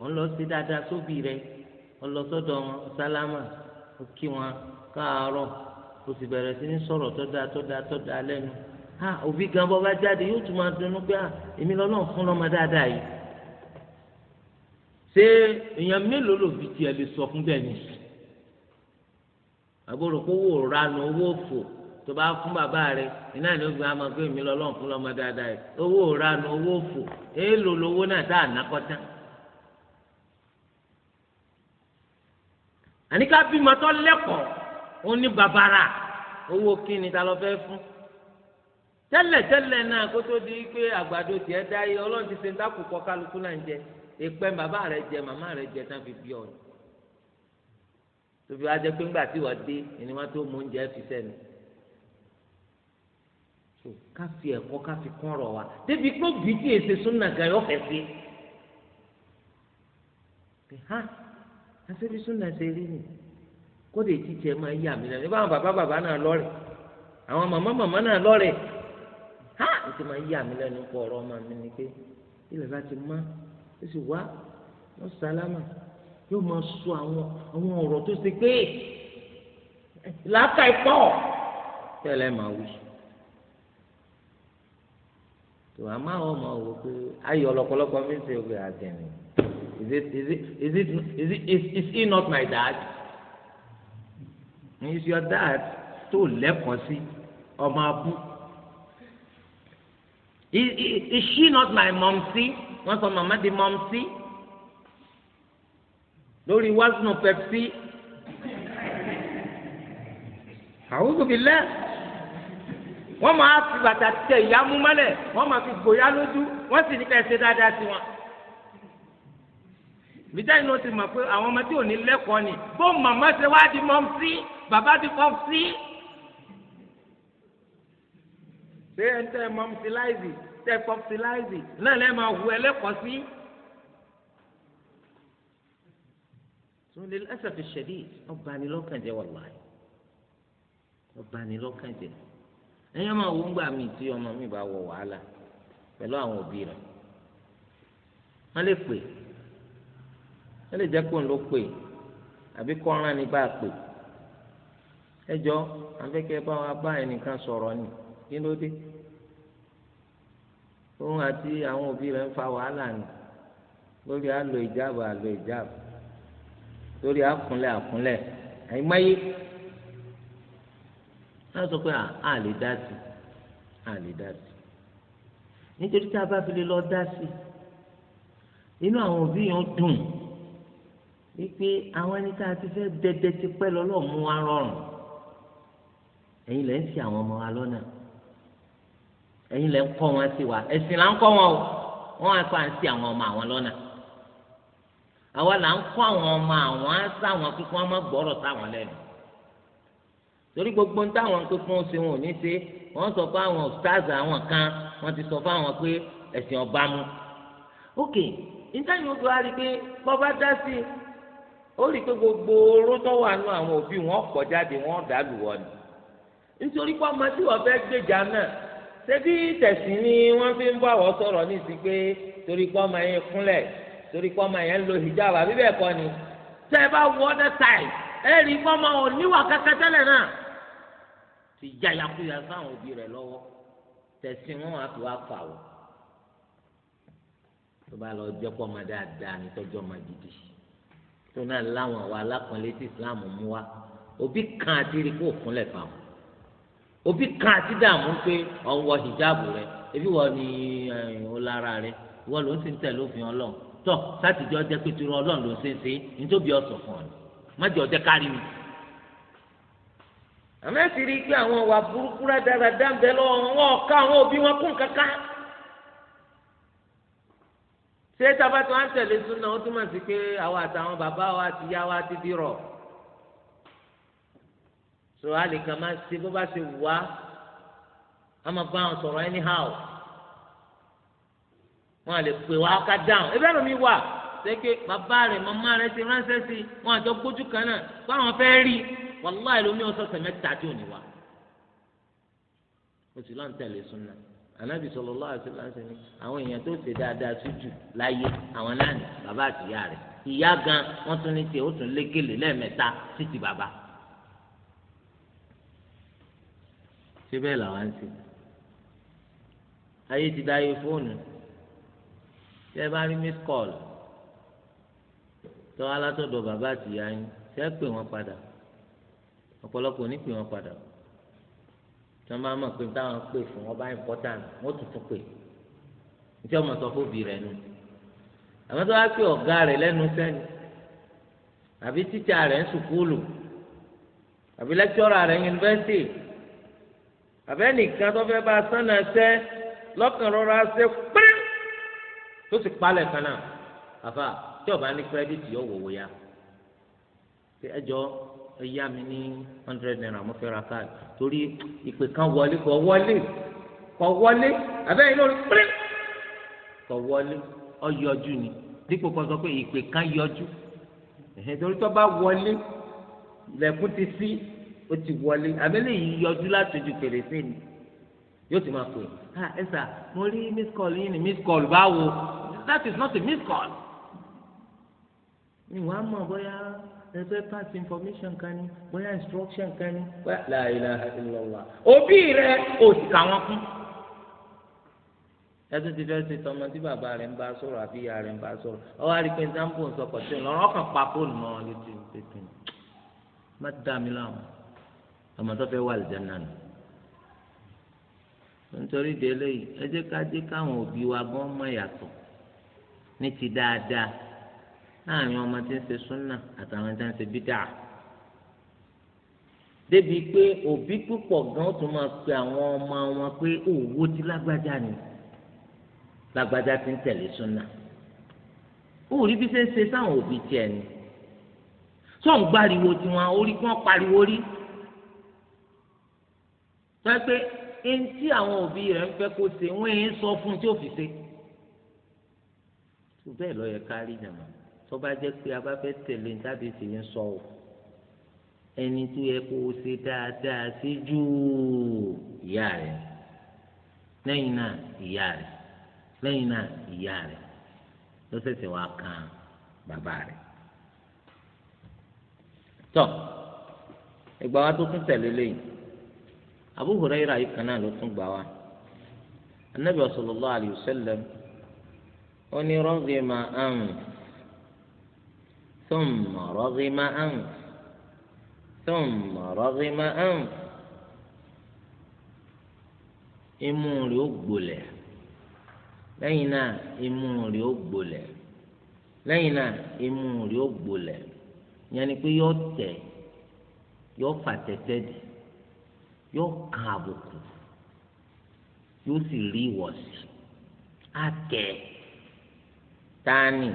wọn lọ sí dáadáa sóbì rẹ wọn lọ sọ́dọ̀ wọn sálámà ó kí wọn káàárọ̀ ó sì bẹ̀rẹ̀ sí ní sọ̀rọ̀ tó dáa tó dáa ha òbí gan bọ́ bá jáde yóò tún máa dunnú pé èmi lọ́nà fún lọ́mọ dáadáa yìí ṣé èèyàn mélòó lòbí tiẹ̀ lè sọ fún bẹ́ẹ̀ nìyí àbúrò kó wò ránu owó òfò tó bá fún bàbá rẹ iná ní ogun àmọ́ pé èmi lọ́lọ́run fún lọ́mọ dáadáa yìí owó ránu owó òfò èèlò lowó náà tá ànákọ́tán. àníká bímọ tó lẹ́kọ̀ọ́ ó ní bàbàrà owó kíni ta lọ fẹ́ fún tẹ́lẹ̀tẹ́lẹ̀ náà kó tó di pé àgbàdo tiẹ̀ dá yìí ọlọ́run ti ṣe ń dákùkọ kálukú náà ń jẹ bàbá rẹ jẹ màmá rẹ jẹ tóbi wá jẹ́ pé ńgbà tí wọ́n dé ẹni wọ́n tó mú oúnjẹ fi sẹ́nu ká fi ẹ̀kọ́ ká fi kún ọ̀rọ̀ wa débi pé òbí tí èsè súnà gan yọ fẹ́ sí ha asebi súnà ṣe rí ni kódé títí ẹ máa yí àmì náà nígbà àwọn bàbá bàbá náà lọ́rẹ̀ àwọn màmá màmá náà lọ́rẹ̀ ha ètò máa yí àmì lẹ́nu pọ̀ ọ̀rọ̀ ọmọ mi ni pé ilẹ̀ bá ti mọ́ ó sì wá wọ́n sálámà yóò máa sọ àwọn àwọn ọ̀rọ̀ tó ṣe pé làákàyè pọ̀ tẹ́lẹ̀ máa wí. tó a máa wọ́n máa wò pé ayọ̀ lọ́pọ̀lọpọ̀ mi ṣe ògbé àgẹ̀nì is it is it is it is is, is he not my dad is your dad tó lẹ́kọ̀ọ́ sí ọmọ abú is, is, is she not my mom sí wọ́n sọ màmá di mom sí lórí waznu pepsi a'udhu billah wọ́n máa fi bàtà tẹ ìyàmú mọ́lẹ̀ wọ́n máa fi gbòyà lójú wọ́n sì ní ká ẹsẹ̀ dáadáa sí wọn. bíjá iná ti mọ̀ pé àwọn ọmọ tí ò ní lẹ́kọ̀ọ́ ni bó màmá ṣe wá di mọ́m sí bàbá di mọ́m sí. ṣé ẹ ń tẹ mọ́m sí láìsí tẹ pọ́p sí láìsí náà lẹ́ẹ̀ máa hu ẹlẹ́kọ̀ọ́ sí. sùn lè lásàfi ṣẹ̀dí ọ̀bánilọ́kànjẹ́ wàláhì ọ̀bánilọ́kànjẹ́ ẹ̀yin ọmọ òun gbà mí tí ọmọ mi bá wọ wàhálà pẹ̀lú àwọn òbí rẹ̀ wọ́n lè pè wọ́n lè jẹ́ kó ń lọ pè àbí kọ́ran ni bá a pè ẹ jọ afẹ́kẹ́ bá wa bá ẹnìkan sọ̀rọ̀ ni kí ló dé òun àti àwọn òbí rẹ̀ ń fa wàhálà ni lórí àlò ìjáàbò àlò ìjáàbò lórí àkúnlẹ̀ àkúnlẹ̀ àìmọye náà sọ pé a lè dá sí a lè dá sí nítorí tá a bá fi lè lọ dá sí inú àwọn òbí yẹn dùn wípé àwọn ẹni tá a ti fẹ́ dẹdẹ ti pẹ́ lọ́lọ́ mú wa rọrùn ẹ̀yin lẹ́ ń ṣì àwọn ọmọ wa lọ́nà ẹ̀yin lẹ́ ń kọ́ wọn sí wa ẹ̀sìn là ń kọ́ wọn o wọ́n á pa à ń ṣì àwọn ọmọ àwọn lọ́nà àwa là ń kọ́ àwọn ọmọ àwọn á sáwọn pé kí wọ́n má gbọ́rọ̀ sáwọn lẹ́nu torí gbogbo ń táwọn pé fún ṣe wọn ò ní ṣe wọ́n sọ fún àwọn stars àwọn kan wọ́n ti sọ fún àwọn pé ẹ̀sìn ọba mu ok ìtàn yóò tó a rí i pé bọ́bá dá sí i ó rí i pé gbogbo oró tó wà nù àwọn òbí wọn kọ̀ jáde wọn dàlù wọn ni nítorí pé ọmọ tí wọ́n fẹ́ gbèjà náà ṣé bí tẹ̀sí ni wọ́n fi ń bá wọ́n sọ̀rọ̀ ní ìsìn pé torí pé ọmọ yẹn kúnlẹ̀ torí pé ọmọ yẹn ń lo hijab àbí bẹ́ẹ̀ kọ́ ni tẹ́ ẹ bá wọ ọ́dẹ táì ẹ rí i pé ọmọ ò níwà kankan tẹ́lẹ̀ náà ti ya yakuya sáwọn òbí rẹ̀ lọ́wọ́ tẹ̀sí wọn wá fi wá fà wọ́ tó bá lọ jẹ́ pọ́ ọmọ dáadáa ní tọ́jú ọmọ gidi tó náà láwọn àwọn alákùnrin tí Islam mú wa òbí kan àti rí kó fúnlẹ̀ fáwọn òbí kan àti dààmú pé ọ̀n hijab rẹ̀ ebi wọ ni ọ̀n lára rẹ̀ wọ́n ló ń ti ń tẹ̀lé Ọlọ́run tọ sátìjọ jẹ pé turu Ọlọ́run ló ṣe ń ṣe nítòbí ọsàn fún ọ ni májọ jẹ kárí mi. àmọ́ ẹ ti rí i pé àwọn ọ̀wà burúkú rádaràdá ń bẹ lọ́wọ́ wọn àwọn òbí wọn kún kankan. ṣé tábàtì wọn tẹ̀lé ó túmọ̀ sí pé àwọn àtàwọn bàbá wa ti yá wa ti rọ̀. sọ àlè kan máa ṣe bó bá ṣe wù wá a máa anyhow. wọn lè pè wá ká dáhùn ebe lómi wà sẹ́kẹ́ bàbá rẹ̀ màmá rẹ̀ ti ránṣẹ́ sí wọn àjọ gbójú kan náà báwọn fẹ́ rí wàláì lómi ọ̀sọ̀ọ̀sẹ̀ mẹ́ta tí ò ní wà. oṣù láǹ tẹ̀lé súnà ànábì sallallahu alaihi wasallam ni àwọn èèyàn tó ṣe dáadáa sí jù láyé àwọn náà ní bàbá àti ìyá ìyá gan wọ́n tún ní tiẹ̀ ó tún lékele lẹ́ẹ̀mẹ́ta sí ti bàbá. ṣé làwọn ń ṣe ayé ti dá ayé fóònù tẹ ẹ bá rí miss call tọ́ alátọ̀dọ̀ bàbá àti ìyá yín tẹ́ ẹ pè wọ́n padà ọ̀pọ̀lọpọ̀ ní pè wọ́n padà tí wọ́n bá mọ̀ pé táwọn pè fún wọn bá important wọ́n tún tún pè ní tí ọmọ sọ fóbi rẹ̀ nù àmọ́ tó wá pé ọ̀gá rẹ̀ lẹ́nu sẹ́ni àbí títsà rẹ̀ ń sùkúlù àbí lẹ́kítọ́rà rẹ̀ ń yunifásitì àbẹ́ nìkan tó fẹ́ bá sánà sẹ́ lọ́kàn rọra sẹ́ pẹ́rẹ́ tó sì palẹ̀ kan náà àfà tí ọba ní kírẹ́dìtì yóò wòwò ya ṣe ẹjọ́ ẹyá mi ní hundred naira mo fẹ́ ra káàdì torí ìpè kan wọlé kọ wọlé kọ wọlé àbẹ́yìn lórí pírí kọ wọlé ọ yọjú ni dípò kan sọ pé ìpè kan yọjú torí tó bá wọlé lẹ́kùn ti sí ó ti wọlé àbẹ́lẹ́ yìí yọjú láti ojú fèrèsé ni yóò ti máa pè ha ẹ sà mo rí miss call yín ni miss call báwo that is not a miss call. ni wàá mọ̀ bóyá ẹ fẹ́ pass information kan ni bóyá instruction kan ni bóyá la ilaha illallah òbí rẹ ò sì kà wọ́n kún. ẹtún ti fẹ́ ṣe tọmọ tí bàbá rẹ̀ ń bá sọ̀rọ̀ àbí ìyá rẹ̀ ń bá sọ̀rọ̀ ọ wá rí i pé sampo ń sọkọ̀ tí ò lọ́rọ́ kan pa fóònù mọ́ ọ létí pépè má dá mi láwọn ọmọ tó fẹ́ wà lìjẹ́ náà nù nítorí délé yìí ẹ jẹ́ ká jẹ́ káwọn òbí wa gan mọ̀ yàtọ̀ ní ti dáadáa láàrin ọmọ tí ń ṣe súnà àtàwọn tí ń ṣe bídà débìí pé òbí púpọ̀ gan tún máa pe àwọn ọmọ wọn pé òwò tí lágbájá ni lágbájá ti ń tẹ̀lé súnà ó rí bí ṣe ń ṣe sáwọn òbí tiẹ̀ ni sọ̀n gbariwo tiwọn orí kí wọ́n pariwo rí tọ́ pé eŋti àwọn òbí rẹ̀ ń fẹ́ kó ṣe wọ́n èyí sọ fún tí ó fi ṣe. tó bẹ́ẹ̀ lọ yẹ kárí jàmá tó bá jẹ́ pé a bá fẹ́ tẹ̀lé ní tábìlì tí ń sọ o ẹni tó yẹ kó o ṣe dáadáa sí jù ìyá rẹ̀ lẹ́yìn náà ìyá rẹ̀ lẹ́yìn náà ìyá rẹ̀ ló ṣẹ̀ṣẹ̀ wá kan bàbá rẹ̀. tọ́ ìgbà wa tó tún tẹ̀lé lẹ́yìn. Abu Huraira yìí kan náà ló tún gbà wá anabi sallallahu alayhi wa sallam ó ní raghima anf thumma raghima anf thumma raghima anf imú rẹ̀ ó gbolẹ̀ lẹ́yìn náà imú rẹ̀ ó gbolẹ̀ lẹ́yìn náà imú rẹ̀ ó gbolẹ̀ yẹn ni pé yóò tẹ̀ yóò fà tẹ́tẹ́ dì yóò kan àbùkù yóò sì rí ìwọ̀sí àtẹ tani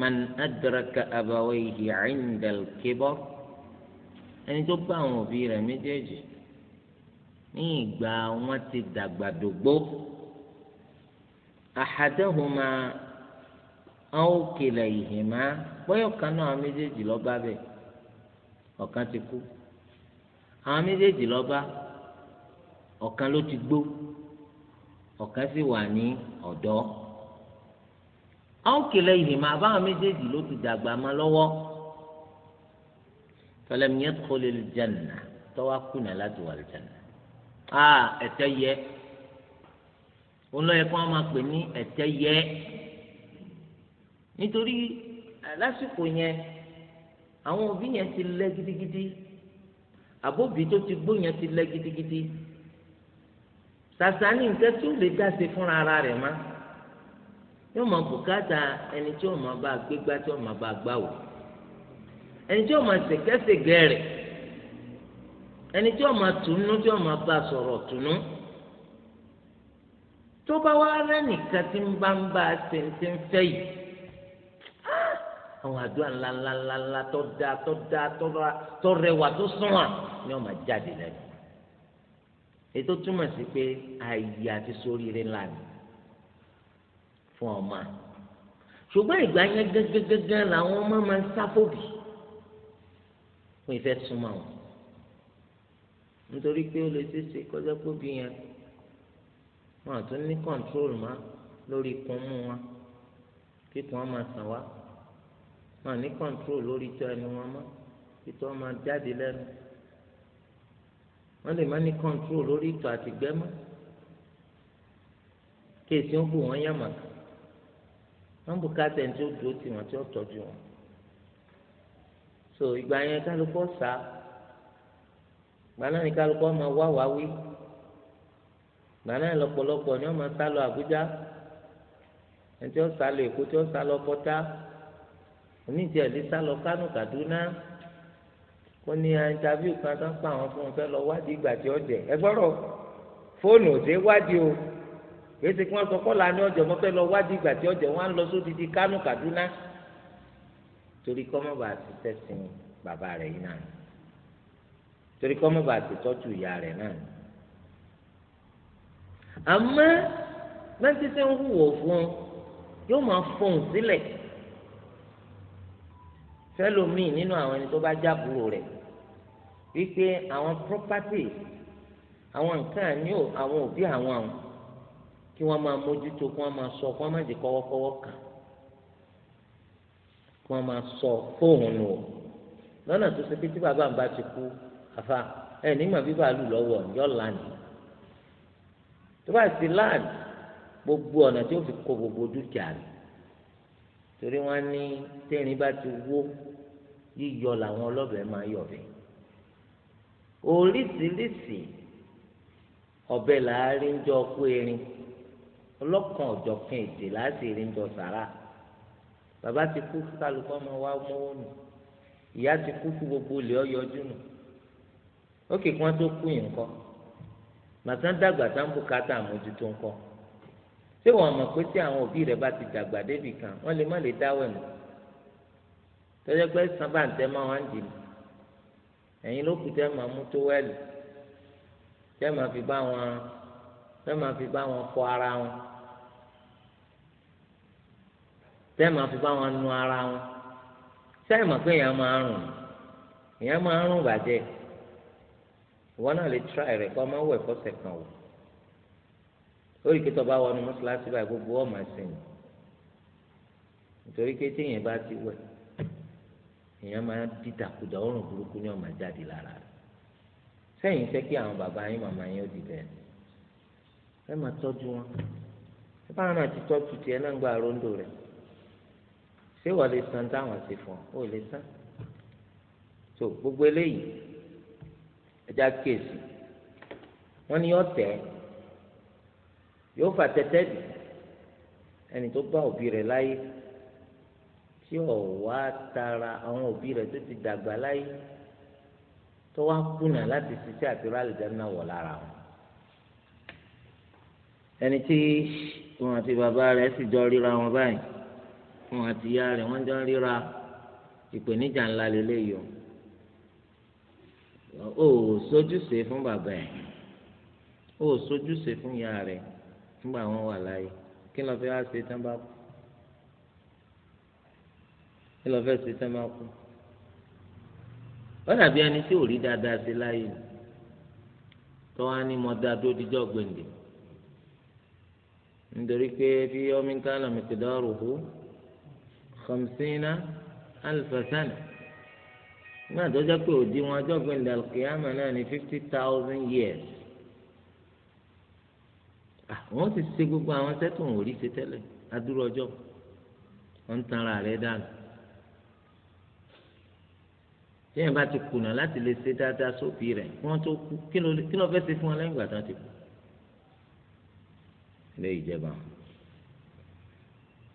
man adraka abawayhi indal kibar ẹni tó bá àwọn òbí rẹ̀ méjèèjì ní ìgbà wọn ti dàgbà dògbó ahadahuma aw kilayhima bóyá ọ̀kan náà méjèèjì lọ bá bẹ̀ ọ̀kan ti kú àwọn méjèèjì lọ́ba ọ̀kan ló ti gbó ọ̀kan sì wà ní ọ̀dọ́ àwọn kìlẹ̀ ìhìnmá báwọn méjèèjì ló ti dàgbà má lọ́wọ́ falam yadkhulil janna tọ́wá kùnà láti wà lìjànà a ẹ̀tẹ́ yẹ olóyè kan máa pè ní ẹ̀tẹ́ yẹ nítorí lásìkò yẹn àwọn òbí yẹn ti lẹ́ gidigidi àbóbi tó ti gbó yẹn ti lẹ gidigidi sàṣà ní nǹkan tí ó lè dá ṣe fúnra ara rẹ̀ má yóò máa bùkátà ẹni tí ó máa bá gbégbá tí ó máa bá gbá wò ẹni tí ó máa ṣèkẹ́ṣègẹ́ rẹ̀ ẹni tí ó máa tùnú tí ó máa bá sọ̀rọ̀ tùnú tó bá wá rẹ́ nìkan tí ń bá ń bá ṣe ń fẹ́ yìí àwọn àdúrà ńlá ńlá ńlá ńlá tó dáa tó dáa tó rẹwà tó súnwà ni wọn máa jáde lẹ́nu ètò túmọ̀ sí pé àyè àti sóríire ńlá ni fún ọmọ ṣùgbọ́n ìgbà yẹn gẹ́gẹ́gẹ́gẹ́ làwọn ọmọ máa ń sáfòbì fún ìfẹ́ súnmọ́ wọn nítorí pé ó lè ṣeéṣe kọjá póbi yẹn wọn àtún ní kọ́ńtrol má lórí ikùn mú wọn kíkùn wọn máa sàn wá wọn ní kọ́ńtrol lórí ìtọ́ ẹnu wọn mọ́ ìtọ́ máa jáde lẹ́nu wọn lè má ní kọ́ńtrol lórí ìtọ́ àtìgbẹ́ mọ́ kéèsì ń bù wọn yàmà wọn bù káàtẹ ní tí ó dúró tiwọn tí ó tọ́jú wọn so ìgbà yẹn kálukọ sá gbaná ni kálukọ máa wá wá wí gbaná lọ́pọ̀lọpọ̀ ni wọn máa sá lọ Àbújá ẹni tí ó sá Èkó tí ó sá lọ oníjẹ lè sá lọ Kánò Kaduna ó ní interview kan tó ń pa àwọn fún un fẹ́ lọ wádìí ìgbà tí ó jẹ ẹ gbọ́dọ̀ fóònù ò dé wádìí o kìí ṣe kí wọ́n sọ kọ́lá ní ọjọ́ mo fẹ́ lọ wádìí ìgbà tí ó jẹ wọ́n á lọ sódì di Kánò Kaduna torí kọ́mọ́bà àti tẹ̀sìn bàbá rẹ̀ yìí náà torí kọ́mọ́bà àti tọ́jú ìyá rẹ̀ náà àmọ́ bẹ́ńtí ń hùwọ̀ fún un yóò máa fọhùn sílẹ̀ fẹlòmíì nínú àwọn ẹni tó bá jábúrò rẹ̀ wípé àwọn property àwọn nǹkan àní àwọn òbí àwọn àwọn kí wọ́n máa mójútó kí wọ́n máa sọ kí wọ́n máa jẹ kọ́wọ́kọ́wọ́ kàn kí wọ́n máa sọ fóònù nù o lọ́nà tó ṣe pé tí bàbá mi bá ti kú àfa ẹ nígbà bí bàálù lọ́wọ́ yọ lánìí tó bá ti láàánì gbogbo ọ̀nà tí ó fi kó gbogbo dúkìá rẹ̀ torí wọn ní tẹrin bá ti wó yíyọ làwọn ọlọ́bẹ̀ máa yọ̀bẹ̀ oríṣiríṣi ọ̀bẹ làárín jọ kú erin ọlọ́kan ọ̀jọ̀kan èdè láti erin jọ sàrà bàbá ti kú kálukọ́ ọmọ wa mọ́wọ́ nù ìyá ti kú kú gbogbo olè ọyọjú nù ó kì í kí wọ́n tó kú yìí ńkọ́ màtá dàgbà tá ń bùkátà àmójútó ńkọ́ ṣé wọn mọ̀ pé tí àwọn òbí rẹ̀ bá ti dàgbà débì kan wọ́n lè má lè dáwẹ̀ mọ́ tọ́jú pé sàn bá ń tẹ́ máa wọ́n dì mí ẹ̀yin ló kù tẹ́ máa mú tó wẹ́ẹ̀lì tẹ́ máa fi bá wọn tẹ́ máa fi bá wọn fọ ara wọn tẹ́ máa fi bá wọn nu ara wọn sẹ́yìn mọ̀ pé èèyàn máa rùn èèyàn máa rùn bàjẹ́ ìwọ náà lè tíra ẹ̀rẹ̀ kọ́ máa wẹ̀ fọ́sẹ̀ kan wò lórí kí tọba wọnú mọ́ṣáláṣí báyìí gbogbo ọmọ ẹ̀sìn nítorí pé téèyàn bá ti wẹ̀ èèyàn máa dìdàkudà ọrùn burúkú ní ọmọ jáde lára rẹ̀ sẹ́yìn fẹ́ kí àwọn bàbá yín màmá yín ó di bẹ́ẹ̀ ẹ máa tọ́jú wọn ẹ bá wọn àti tọ́jú tiẹ̀ náà ń gba àròndò rẹ̀ ṣé wàá lè san táwọn ti fún ọ ò lè san tó gbogbo eléyìí ẹja kéèsì wọn ni ọ̀tẹ̀ ẹ́ yóò fà tẹ́tẹ́ bì ẹni tó bá òbí rẹ̀ láyé tí ò wá tara àwọn òbí rẹ̀ tó ti dàgbà láyé tó wá kùnà láti ṣiṣẹ́ àti rálẹ̀ dáná wọ̀ lára wọn. ẹni tí wọn àti bàbá rẹ̀ sì jọ ríra wọn báyìí wọn àti ìyá rẹ̀ wọ́n jọ ríra ìpèníjà ńlá lélẹ́yìí o o sojúṣe fún bàbá ẹ̀ o sojúṣe fún ìyá rẹ̀ nígbà wọn wà láàyè kí lọ́ọ́ fẹ́ wá ṣe tán bá kú kí lọ́ọ́ fẹ́ ṣe tán bá kú ó dàbí ẹni tí ò rí dáadáa ṣe láàyè ni tó wá ní mo dá dúró díjọ́ gbèǹdé nítorí pé bí ọmọ nǹkan náà mi kìdá ọ̀rọ̀ hù khamsina alifasana nígbà tó jẹ́ pé òdi wọn ọjọ́ gbèǹdé alùkìyàmà náà ní fifty thousand years wọ́n ti ṣe gbogbo àwọn sẹ́tò wọn ò rí ṣe tẹ́lẹ̀ adúrú ọjọ́ wọ́n ń tan ara rẹ̀ dànù. téèyàn bá ti kùnà láti lè ṣe dáadáa sóbì rẹ̀ kí wọ́n tó kú kí ló fẹ́ ṣe fún wọn lẹ́yìn ìgbà tí wọ́n ti kú. ilé ìjẹba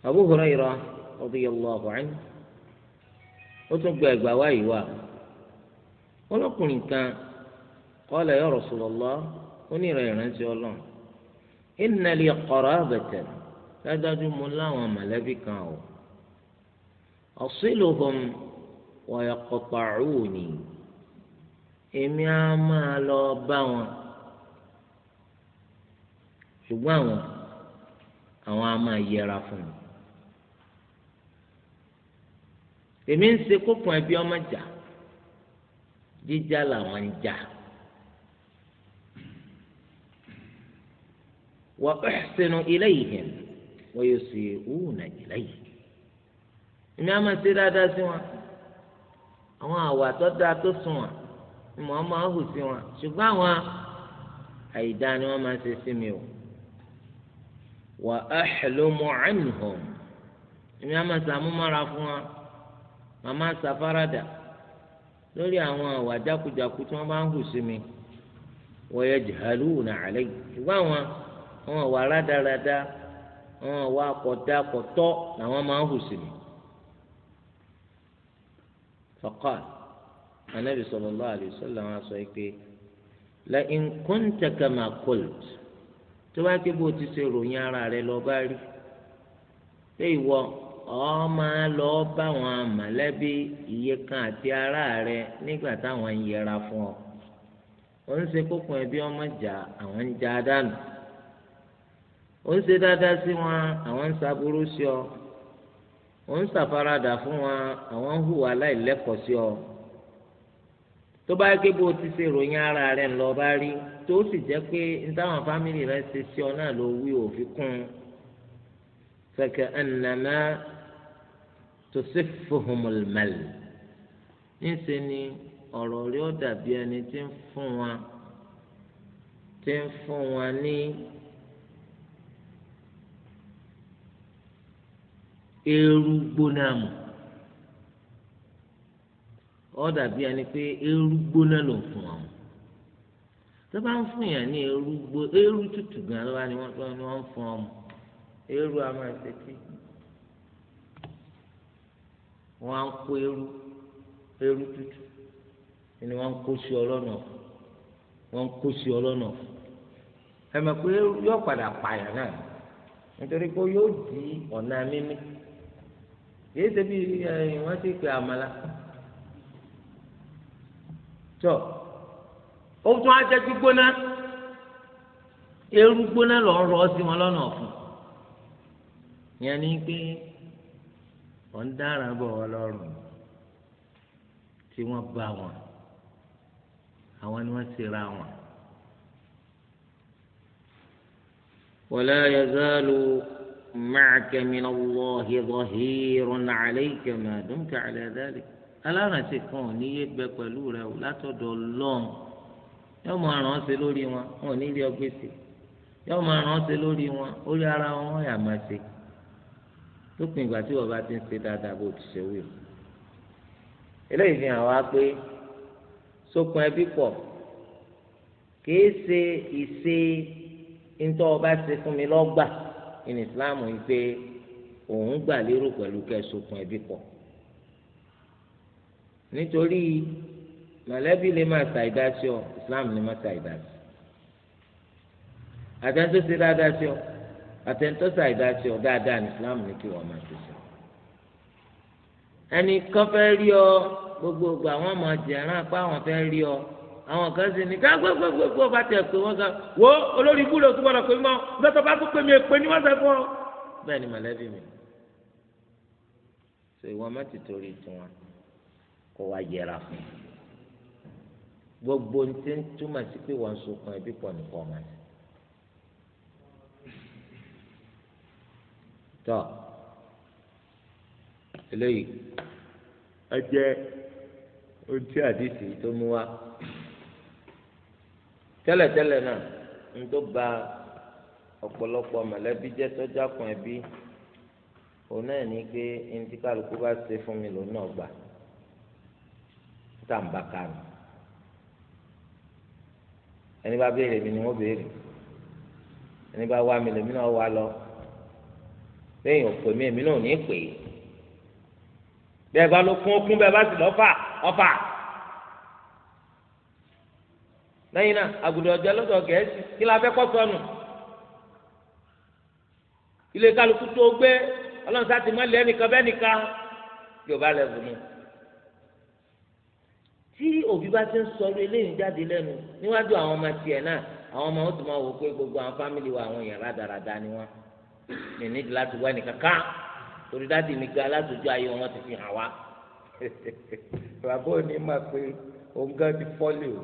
Abu Hurairah radiyallahu anhu ó tún gba ẹgbàá wá ìwà ọlọ́kùnrin kan qala ya Rasulullah ó ní ìrẹ̀ ìrántí ọlọ́run inna li qarabatan dájú mo láwọn mọ̀lẹ́bí kan o asiluhum wa yaqta'uni èmi á máa lọ bá wọn ṣùgbọ́n àwọn àwọn á máa yẹra fún mi èmi ń ṣe kókun ẹbí ọmọ jà jíjà làwọn ń jà. وأحسن إليهم ويسيئون إليه èmi á máa ṣe dáadáa sí wọn àwọn àwà tó dáa tó sùn wọn ni mò ń máa hù sí wọn ṣùgbọ́n àwọn àìdá ni wọ́n máa ṣe sí mi o wà á ṣèlómọ ànìhàn èmi á máa ṣàmúmọ́ra fún wọn màmá ṣàfaradà lórí àwọn àwà jákujàku tí wọ́n bá ń hù sí mi wọ́n yẹ jìhálù nàálẹ́ ṣùgbọ́n àwọn wọn wà rádaràda wọn wà kọ̀dá kọ̀tọ́ làwọn máa ń hù sí mi. fọkàn anabi sallallahu alaihi wasallam sọ pé la in kunta kama qult tó bá ké bó ti ṣe ròyìn ara rẹ lọ bá rí pé ìwọ ọ máa lọ bá àwọn mọ̀lẹ́bí iye kan àti ara rẹ nígbà táwọn ń yẹra fún ọ. ó ń ṣe kókun ẹbí ọmọ jà àwọn ń jà dànù ó ń ṣe dáadáa sí wọn àwọn ń ṣàbúrú sí ọ ó ń ṣàfaradà fún wọn àwọn ń hùwà láìlẹ́kọ̀ọ́ sí ọ tó bá yẹ pé bó o ti ṣe ròyìn ara rẹ ńlọ bá rí tó sì jẹ́ pé n táwọn fámìlì rẹ ṣe sí ọ náà ló wí òfin kún fẹkẹ ẹnàmá tó ṣe fòhùnmọlẹmẹlẹ níṣẹ ni ọ̀rọ̀ rí ọ dàbí ẹni tí ń fún wọn tí ń fún wọn ní. Eru gbóná mu ọ dàbí ẹni pé eru gbóná ló fún ọ tó bá ń fún yàn ní gbó gan ló ni wọ́n tó ni fún ọ a á ni wọn kó sí ọlọ́nà wọn kó sí ọlọ́nà ẹ mọ̀ pé yóò padà pààyàn náà nítorí pé yóò di ọ̀nà mímí. kìí ṣe bí eh, wọ́n ti pè àmàlà tọ́ ó tún ajá gbígbóná eru gbóná lọ rọ sí wọn lọ́nà ọ̀fun yẹn ni pé wọ́n dára bọ̀ wọ́n tí wọ́n bá wọn àwọn ni wọ́n ti ra wọn. ولا يزال معك من الله ظهير عليك ما دمت على ذلك ألا kan ò ní yé bẹ pẹ̀lú rẹ o látọ̀dọ̀ ọlọ́run yóò máa ràn án ṣe lórí wọn wọn ò ní rí ọgbẹ́ ṣe yóò máa ràn án ṣe lórí wọn orí ara wọn yà máa ṣe lópin ìgbà tí wọn bá ti ń ṣe dáadáa bó ti ṣe wí o. eléyìí fi hàn wá pé sókun ẹbí pọ̀ kìí ṣe ìṣe ntọ́ ọba ṣe fún mi lọ́gbà in Islam yìí pé òun gbà lérò pẹ̀lú kẹsùkùn ẹbí pọ̀ nítorí mọ̀lẹ́bí lè má ta ìdásí ọ Islam lè má ta ìdásí àtẹ̀ntó ṣe dáadáa sí ọ àtẹ̀ntó ṣe ọ dáadáa ní Islam ní kí wọ́n máa ṣe sọ. ẹnì kan fẹ́ rí ọ gbogbogbò àwọn ọmọ jẹ̀rán apá àwọn fẹ́ rí ọ àwọn kan sì ní ká gbogbogbò bá tẹ̀ pé wọ́n kan wo olórí ibú lòtú gbọ́dọ̀ pé mọ́ lọ́tọ̀ bá tó pé mi èpè ní wọ́n sẹ́ fún ọ. bẹ́ẹ̀ ni mọ̀lẹ́bí mi ṣe ìwọ mẹ́tì torí tiwọn kó wá yẹra fún un gbogbo ní ti ń túmọ̀ sí pé wọ́n ń sunkún ẹbí pọ̀ nìkan ọmọ rẹ̀. tọ́ eléyìí ẹ jẹ́ ojú àdìsí tó mú wa tẹ́lẹ̀tẹ́lẹ̀ náà ń tó ba ọ̀pọ̀lọpọ̀ mọ̀lẹ́bí jẹ́ sọ́jà kan ẹbí òun náà ní pé ẹni tí kálukú bá ṣe fún mi lòun náà gbà tàǹbà kanu ẹni bá béèrè mi ni wọ́n béèrè ẹni bá wá mi lèmi náà wá lọ lẹ́yìn òpè mi èmi náà ò ní pè é bẹ́ẹ̀ bá ló kún ó bẹ́ẹ̀ bá sì lọ fà ọfà lẹ́yìn náà àgùdọ̀ ọ̀jọ́ lọ́dọ̀ gẹ̀ẹ́sì kí la fẹ́ kọ́ sọnù ilé kálukú tó gbé ọlọ́run sá ti mọ́ ilé ẹnìkan bẹ́ẹ̀ nìkan yorùbá lẹ́bù nù. tí òbí bá ti ń sọ̀rọ̀ eléyìí jáde lẹ́nu níwájú àwọn ọmọ tiẹ̀ náà àwọn ọmọ wọn tó máa wò pé gbogbo àwọn fámìlì wa àwọn èèyàn rádaràda ni wọn ní nídìí láti wá ẹnìkan ká torí dáàdi mi ga látòjú ayé wọn ti fi hàn wá. bàbá òní máa pe òun gan ti fọ́lì o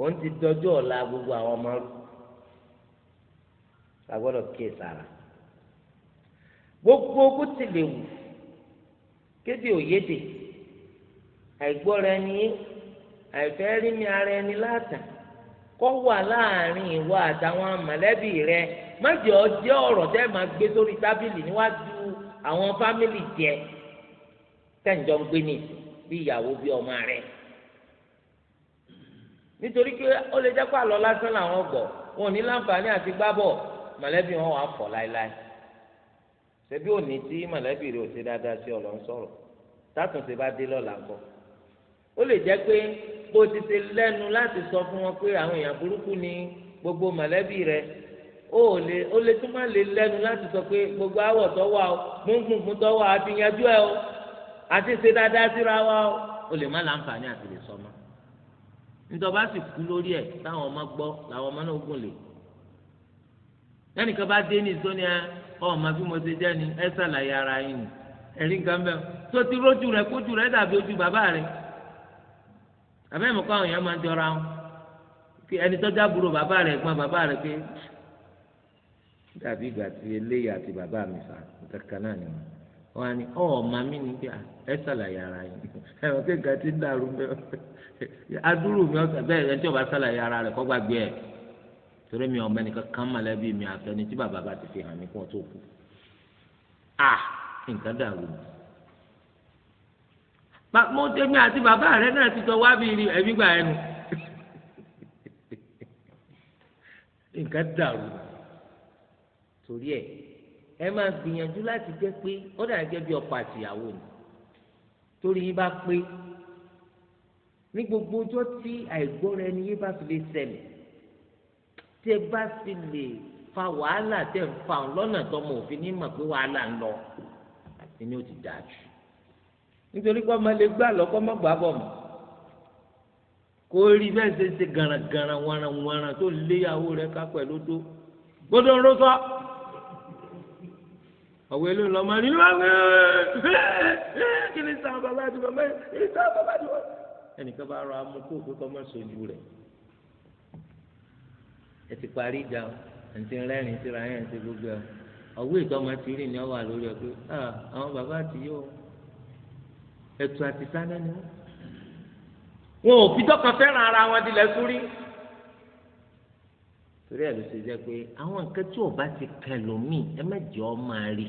òun ti dọjọ́ ọ̀la gbogbo àwọn ọmọ rú a gbọ́dọ̀ kíyè sára gbogbo bó ti lè wù kéde òyédè àìgbọ́ra ẹni àìfẹ́ rí mi ara ẹni látà kọ́ wà láàrin ìwọ àtàwọn mọ̀lẹ́bí rẹ má jẹ́ ọ jẹ́ ọ̀rọ̀ tẹ́ máa gbé sórí tábìlì níwájú àwọn fámìlì jẹ tẹ́ǹjọ́ ń gbé ní bí ìyàwó bí ọmọ rẹ̀ nítorí pé ó lè jẹ́ pé àlọ́ lásán làwọn gbọ́ wọn ò ní láǹfààní àti gbábọ̀ mọ̀lẹ́bí wọn wàá fọ̀ láéláé ṣebí òní tí mọ̀lẹ́bí rẹ̀ ò ṣe dáadáa sí ọ̀lọ́ ń sọ̀rọ̀ tátùnṣe bá dé lọ́la kọ́ ó lè jẹ́ pé bó ti ṣe lẹ́nu láti sọ fún wọn pé àwọn èèyàn burúkú ni gbogbo mọ̀lẹ́bí rẹ̀ ó lè tún má lè lẹ́nu láti sọ pé gbogbo àwọ̀ tó wà o gbóngbóngbóng tó wà á ti yanjú ẹ o àti ṣe dáadáa síra wa ó lè má láǹfààní àti lè sọ ntọ́ba sì kú lórí ẹ̀ táwọn ọmọ gbọ́ làwọn ọmọ náà gùn lè lẹ́nìkan bá dé ní ìsọ́ni ọmọ bí mo ṣe jẹ́ ni ẹ ṣàlàyé ara yín ni ẹ̀rí nǹkan bẹ́ẹ̀ tó ti rójú rẹ̀ kójú rẹ̀ dàbí ojú bàbá rẹ̀ àbẹ́ mi kọ́ àwọn èèyàn máa ń jọra wọn kí ẹni tó jábúrò bàbá rẹ̀ gbọ́n bàbá rẹ̀ pé dàbí ìgbà tí eléyìí àti bàbá mi fà kankan náà ni wọn wọn á ní ọmọ mi ni ah, ẹ ṣàlàyé ara yín ẹ̀rọ kéka ti dàrú bẹ́ẹ̀ adúrú mi ọ̀sẹ̀ bẹ́ẹ̀ ẹni tí ọba sálàyé ara rẹ̀ kọ́ gbàgbé ẹ̀ torí mi ọmọ ẹnìkan kan mọ̀lẹ́bí mi àtẹni tí bàbá bá ti fi hàn mí kó tó kú à nǹkan dàrú mi mo tẹ́mi àti bàbá rẹ náà ti sọ wábi rí ẹ̀mí gbà ẹnu nǹkan dàrú torí ẹ ẹ máa gbìyànjú láti jẹ pé ó dàgẹ́ bí ọkọ àtìyàwó ni torí yín bá pé ní gbogbo ọjọ́ tí àìgbọ́ra ẹni yé bá fi lè ṣẹlẹ̀ tí ẹ bá fi lè fa wàhálà tẹ̀ ń fa lọ́nà tọmọ òfin ní mọ̀ pé wàhálà ń lọ ẹni ó ti dáa jù nítorí pé ọmọ lè gbà lọ́kọ́ má gbà bọ̀ mọ́ kó rí bẹ́ẹ̀ ṣe ṣe gàràngàrà wàràwàrà tó léyàwó rẹ̀ ká pẹ̀lú tó gbọ́dọ̀ ń rọ́sọ́ ọ̀wé ló ń lọ ní wọ́n kí ni sáà bàbá àti bàbá yìí sáà bàbá àti bàbá yìí ẹnìkan bá rọ amú kó òfin kọ́mọ́ sojú rẹ̀ ẹ ti parí ìjà o ẹ̀ǹtí rẹ́rìn síra ẹ̀ ẹ̀ǹtí gbogbo ẹ̀ ọ̀wé ìtọ́mọ ti rìn ní ọwà lórí ẹ̀ pé àwọn bàbá àti yóò ẹ̀tù àti sáná ni wọ́n ò fi dọ́kan fẹ́ràn ara wọn dilẹ̀ sórí torí ẹ̀ ló ṣe jẹ́ pé àwọn nǹkan tí ọba ti kẹlòmíì ẹ mẹ́jọ máa rí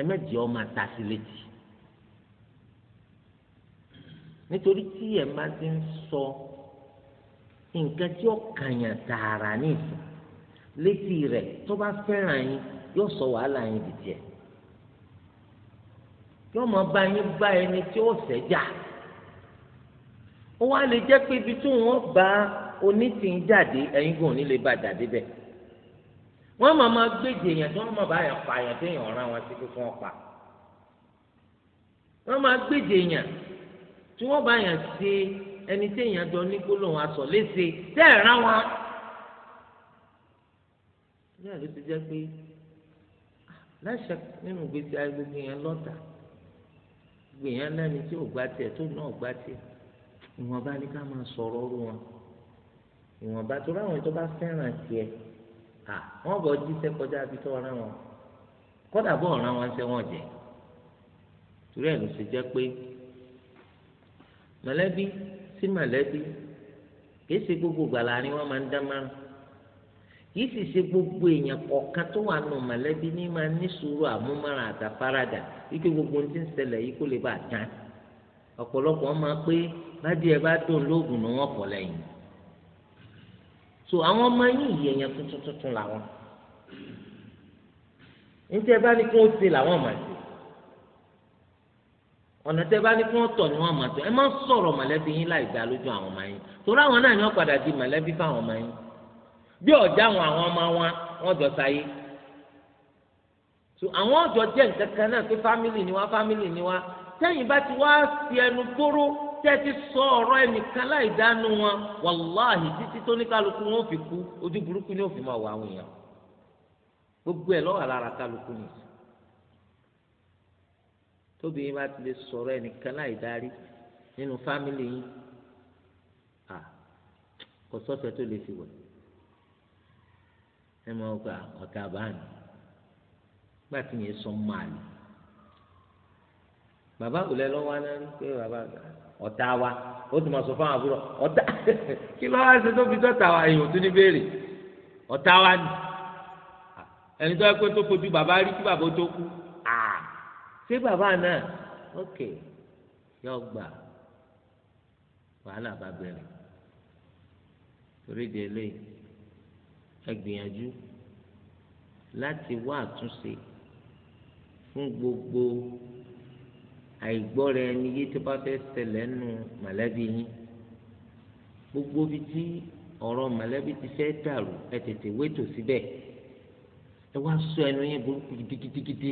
ẹ mẹ́jọ máa tasí létí nítorí tí ẹ̀ máa ti ń sọ nǹkan tí ó kàyàn tààrà ní ìsìn létí rẹ̀ tó bá fẹ́ràn yín yóò sọ wàhálà yín dìde ẹ̀ yóò máa bá yín bá ẹni tí ó sẹ́jà ó wá lè jẹ́ pé ibi tí wọ́n bá onítìín jáde ẹ̀yin gùn ní lè bá jáde bẹ́ẹ̀ wọ́n máa máa gbèjè èèyàn tí wọ́n máa bá yàn pa àyàn téèyàn ọ̀ràn wọn sí pé kí wọ́n pa wọ́n máa gbèjè èèyàn tí wọ́n bá yàn ṣe ẹni tí èèyàn jọ ní gbólóhùn aṣọ léṣe tẹ́ ẹ̀ rán wọn. ní àlọ́ ti jẹ́ pé ah, láṣà nínú ìgbésí ayé gbogbo yẹn lọ́tà gbogbo yẹn lẹ́ni tí ò gbá tiẹ̀ tó náà gbá tiẹ̀ ìwọ̀nba ni ká máa sọ̀rọ̀ ọ̀rọ̀ wọn ìwọ̀nba tó ráwọn tó bá fẹ́ràn tiẹ̀ wọ́n bọ̀ jíṣẹ́ kọjá bí tó ọ̀ràn wọn kọ́dà bọ́ ọ̀ràn wọn ṣẹ́ wọn jẹ́ torí ẹ̀ ló ṣe jẹ́ pé mọ̀lẹ́bí sí mọ̀lẹ́bí kìí ṣe gbogbo gbàlà ni wọ́n máa ń dá márùn kìí sì ṣe gbogbo èèyàn kọ̀ọ̀kan tó wà nù mọ̀lẹ́bí ní máa ní sùúrù àmúmára àtàfáradà wípé gbogbo ohun tí ń ṣẹlẹ̀ yìí kó lè bá a tán ọ̀pọ̀lọpọ̀ máa pé bádìí ẹ bá dùn lóògùn ni wọ́n pọ̀ lẹ́yìn so àwọn ọmọ yìí yìí èèyàn tuntun tuntun làwọn ní tí ẹ bá ní kí wọ́n ṣe làwọn máa ṣe ọ̀nà tẹ́ bá ní kí wọ́n tọ̀ ni wọ́n máa tọ̀ ẹ má sọ̀rọ̀ mọ̀lẹ́bí yín láì dá lójú àwọn ọmọ yín torí àwọn náà ni wọ́n padà di mọ̀lẹ́bí fáwọn ọmọ yín bí ọ̀já àwọn àwọn ọmọ wọn wọ́n jọ sáyé so àwọn ọ̀jọ̀ jẹ́ nǹkan kan náà pé fámìlì ni wá fámìlì ni wá tẹ́yìn bá ti wá fi ẹnu gbóró tẹ́ ti sọ ọ̀rọ̀ ẹnìkan láì dánú wọn wàláhì títí tó ní kálukú wọn ò fi kú ojú burúkú ni ò tóbìnrin bá ti lè sọ̀rọ̀ ẹnìkan láì darí nínú fámìlì yín à kò sọ́fẹ̀ tó lè fi wẹ̀ ẹ máa gba ọ̀tá báàmì gbà tí yẹn sọ máàlì bàbá kò lẹ lọ́wọ́ náà ní pé bàbá ọ̀tá wa ó tún máa sọ fáwọn àbúrò ọ̀tá kí ló wá ṣe tó fi dọ́ta wa èèyàn tún ní béèrè ọ̀tá wa ni ẹni tó yẹ pé tó fojú bàbá rí kí bàbá tó kú ṣé bàbá náà ok yọ gbà wàhálà bá bẹ̀rẹ̀ torí délé ẹ gbìyànjú láti wá àtúnṣe fún gbogbo àìgbọ́ra ẹni yé tó bá fẹ́ ṣẹlẹ̀ nù mọ̀lẹ́bí yín gbogbo bíi tí ọ̀rọ̀ mọ̀lẹ́bí ti fẹ́ dàrú ẹ tètè wétò síbẹ̀ ẹ wá sọ ẹnu yín burúkú gidigidi. Gidi, gidi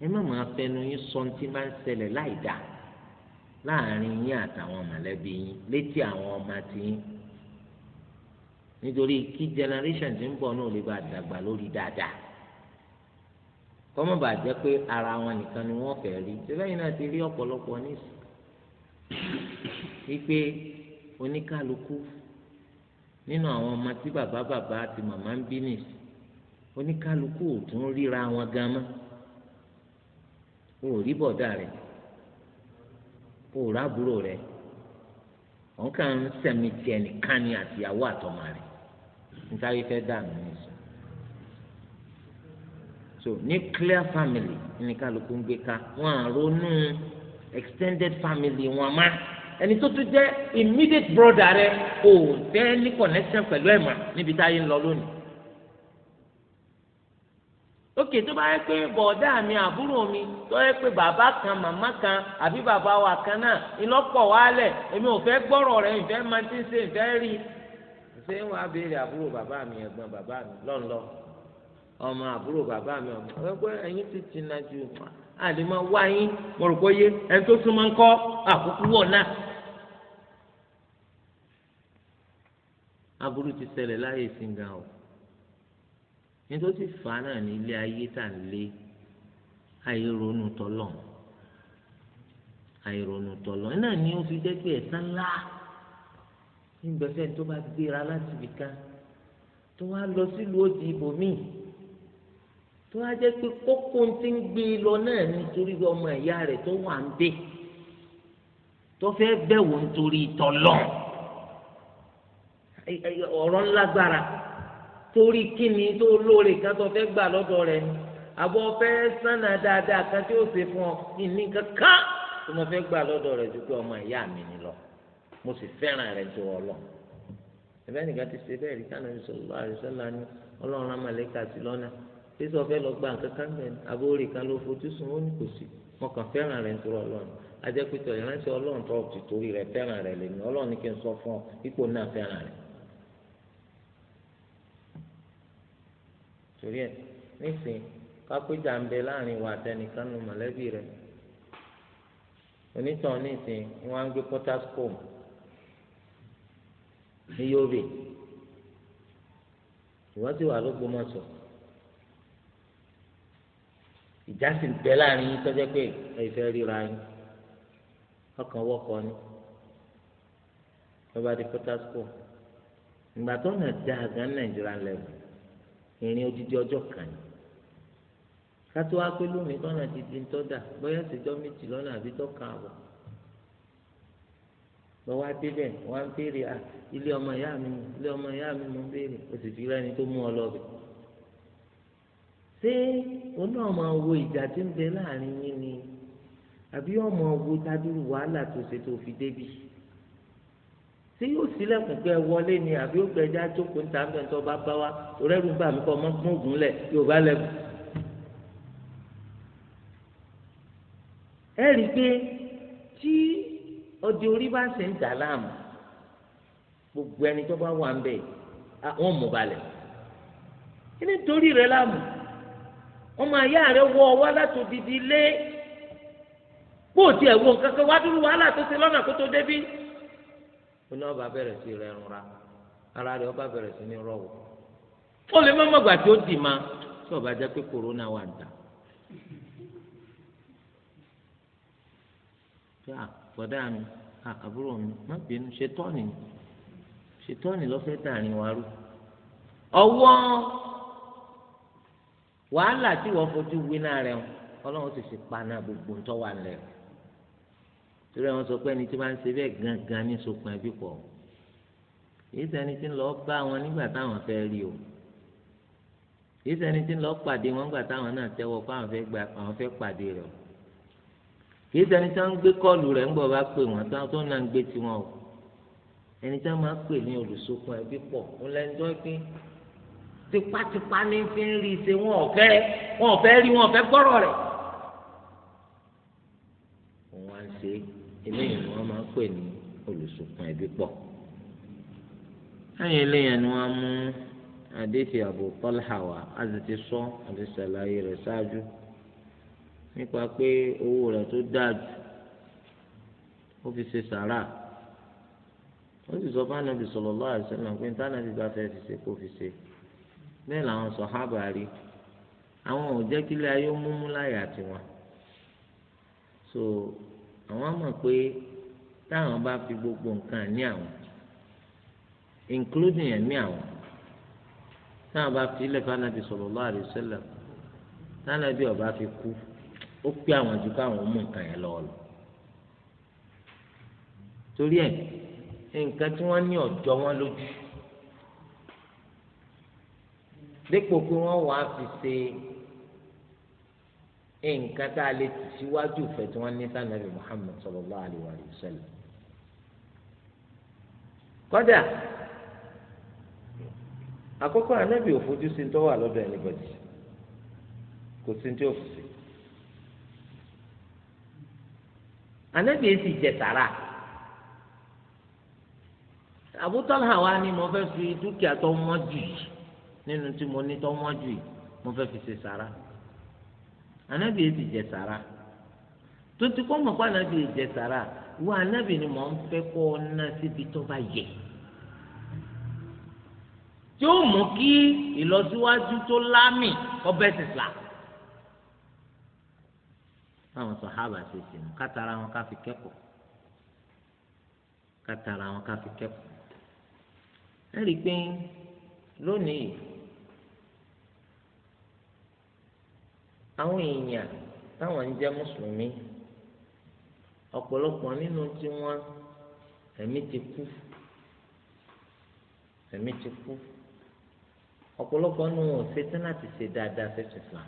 ẹ má máa fẹnu yín sọ tí máa ń ṣẹlẹ̀ láì dáa láàrin yín àtàwọn mọ̀lẹ́bí yín létí àwọn ọmọ àti yín nítorí kí generation ti ń bọ̀ náà lè bá dàgbà lórí dáadáa kọ́mọ̀ bá jẹ́ pé ara wọn nìkan ni wọ́n fẹ́ rí sẹ́fẹ̀yìn náà ti rí ọ̀pọ̀lọpọ̀ nísì wípé oníkálukú nínú àwọn ọmọ tí bàbá bàbá àti màmá ń bí nìsí oníkálukú ò tún ríra wọn gan mọ́ o ò rí bọ̀dá rẹ̀ o ò rábúrò rẹ̀ wọn kàn ń sẹ̀mí tiẹ̀ nìkan ni àtìyàwó rẹ̀ nítorí so nuclear family ní kálukú ń gbé ká wọn à ronú extended family wọn má ẹni tó tún jẹ́ immediate brother rẹ̀ o fẹ́ ní connection pẹ̀lú ẹ̀ níbi táyé oke tó bá yẹ pé bọ̀dá mi àbúrò mi tó yẹ pé bàbá kan màmá kan àbí bàbá wa kan náà ìlọ́pọ̀ wálẹ̀ èmi ò fẹ́ gbọ́rọ̀ rẹ̀ ìfẹ́ máa ti ń ṣe ìfẹ́ rí i ṣé wọn béèrè àbúrò bàbá mi ẹ̀gbọ́n bàbá mi lọ́nlọ́ ọmọ àbúrò bàbá mi ọmọ ẹgbẹ́ ẹ̀yin ti tìǹà ju mo rò tó súnmọ́ ń kọ́ àkókò wọ̀ nítorí fà á náà ní ilé ayé tà ń lé àìrònú tọlọ àìrònú tọlọ náà ni ó fi jẹ́ pé ẹ̀san ńlá nígbà fẹ́ni tó bá gbéra láti ibì kan tó wá lọ sílùú òdì ibòmíì tó wá jẹ́ pé kókó ti ń gbé e lọ náà nítorí ọmọ ìyá rẹ̀ tó wà ń bẹ̀ tó fẹ́ bẹ̀wò nítorí tọlọ ọ̀rọ̀ ńlágbára torí kíni tó lóore kan tó fẹ́ gbà lọ́dọ̀ rẹ̀ ni àbọ̀ fẹ́ sànà dáadáa kan tí ó ṣe fún ọ ìní kankan tó mo fẹ́ gbà lọ́dọ̀ rẹ̀ ju pé ọmọ ìyá mi ni lọ mo sì fẹ́ràn rẹ̀ ju ọ lọ. ẹ̀fẹ́ nìkan ti ṣe bẹ́ẹ̀ rí kánà ní sọ̀rọ̀ àrísọ́lá ni ọlọ́run amálẹ́kà sí lọ́nà tí sọ fẹ́ lọ gba nǹkan kan bẹ́ẹ̀ ni àbórí kan ló fojú sùn ó ní kò sí mo kàn fẹ́ràn rẹ̀ ju ọ ipò náà fẹ́ràn rẹ̀ torí ẹ nísìnyí kápẹ́jà ń bẹ láàrin wa àtẹnìkan nu mọ̀lẹ́bí rẹ onítàn nísìnyí wọ́n á ń gbé potascom ní Yobe ìwọ́n ti wà lÓgbómọ̀ṣọ́ ìjà sì ń bẹ láàrin yín tọ́jọ́ pé ẹ̀fẹ́ ríra yín ọkàn wọ́kọ̀ ni lọ́ba di potascom ìgbà tó nà dá àgán Nàìjíríà lẹ́wọ̀n ìrìn odidi ọjọ́ kan ni kátó wá pé lónìí tọ́nà ti di tọ́dà bóyá ìṣèjọ́ méjì lọ́nà àbí tọ́ka àbọ̀ lọ́wọ́ adébẹ̀ wọ́n á ń béèrè à ilé ọmọ ìyá mi mọ̀ ilé ọmọ ìyá mi mọ̀ ń béèrè o sì fi rẹ́ni tó mú ọ lọ́bẹ̀. ṣé òun náà máa ìjà tí ń bẹ láàrin yín ni àbí ọmọ wo tábìlì wàhálà tó ṣe tó fi débì? tí yóò sílẹ̀kùn pé ẹ wọlé ni àbí ó gbẹjá jókòó níta ń bẹ̀ tó bá bá wa òrẹ́rù bá mi kọ́ ọmọ fún ògùn lẹ̀ yóò bá lẹ́kùn. ẹ rí i pé tí ọdẹ orí bá ṣe ń dà láàmú gbogbo ẹni tó bá wà ń bẹ̀ wọ́n mú balẹ̀ nítorí rẹ̀ láàmú ọmọ àyà rẹ̀ wọ ọwọ́ látòdìdí lé bó tiẹ̀ wọ wá dúró wàhálà tó ṣe lọ́nà kó tó débí. oní ọba bẹ̀rẹ̀ sí rẹ̀ ńra ara rịọ ọba bẹ̀rẹ̀ sí ní o ó lè má gbà tí ó dì ma tí ọba jẹ pé kòrónà wà dà yà bọ́dá mi àbúrò mi má bínú ṣetọ́ọ̀nì ṣetọ́ọ̀nì lọ́fẹ́ dàrin wa rú ọwọ́ wàhálà tí wọ́n fojú rẹ̀ ọlọ́run ti fi gbogbo ń tọ́ torí àwọn sọ pé ẹni tí wọ́n ń ṣe bẹ́ẹ̀ gangan ní sokùn ẹbí pọ̀ èyí sẹni tí ń lọ bá wọn nígbà táwọn fẹ́ rí o èyí sẹni tí ń lọ pàdé wọn nígbà táwọn náà tẹ́wọ́ pé àwọn fẹ́ gba àwọn fẹ́ pàdé rẹ̀ o èyí sẹni tí wọ́n ń gbé kọ́ọ̀lù rẹ̀ ńgbọ́ bá pè wọ́n tó náà ń gbé tiwọn o ẹni tí wọ́n máa pè ní olùsokùn ẹbí pọ̀ ń lẹ́ni tó pé tipátipá ní fi ń rí i ṣe wọn ò fẹ́ wọn ò fẹ́ rí wọn ò fẹ́ gbọ́rọ̀ eléyìí ni wọ́n máa ń pè ní olùsùnkún ẹbí pọ̀ lẹ́yìn eléyìí ni wọ́n mú adéfì Abu Talha wá a sì ti sọ àti ṣàlàyé rẹ̀ ṣáájú nípa pé owó rẹ̀ tó dáa jù ó fi ṣe sàrà ó sì sọ fún anabi sallallahu alaihi wasallam pé ntànàbí bá fẹ́ fi ṣe kó fi ṣe bẹ́ẹ̀ làwọn sàhábà rí àwọn ò jẹ́ kílẹ̀ ayé ó múmú láyà tiwọn so àwọn mọ̀ pé táwọn bá fi gbogbo nǹkan ní àwọn including ẹ̀mí àwọn táwọn bá fi ilẹ̀ fanabi sallallahu alaihi wasallam tánàbí ọba fi kú ó pé àwọn ju káwọn mú nǹkan yẹn lọ lọ torí ẹ̀ nǹkan tí wọ́n ní ọ̀jọ́ wọn lójú dípò pé wọ́n wàá fi ṣe nǹkan tá a lè tì síwájú ìfẹ́ tí wọ́n ní sànàbì Muhammad sallallahu alaihi wa sallam kọjá àkọ́kọ́ ànábì ò fojú sí tó wà lọ́dọ̀ ẹnìbọdì kò sí tí ó fi sí ànábì èsì jẹ sàrà Abu wa ni mo fẹ́ fi dúkìá tó mọ́ jù yìí nínú tí mo ní tó mọ́ jù yìí mo fẹ́ fi ṣe sàrà anabi yẹn ti jẹ sàrà tó ti kọ́ mọ̀ pé anabi yẹn jẹ sàrà wọ anabi ni mò ń fẹ́ kọ́ ọ ná síbi tó bá yẹ tí ó mú kí ìlọsíwájú tó lámì ọbẹ̀ sísà báwọn sọ̀hábà ṣe ṣe mú kátàrà wọn ká fi kátàrà wọn ká fi ẹ rí i pé lónìí àwọn èèyàn táwọn ń jẹ́ mùsùlùmí ọ̀pọ̀lọpọ̀ nínú tiwọn ẹ̀mí ti kú ẹ̀mí ti kú ọ̀pọ̀lọpọ̀ nínú wọn ò ṣetán láti ṣe dáadáa fẹ́sùn Islam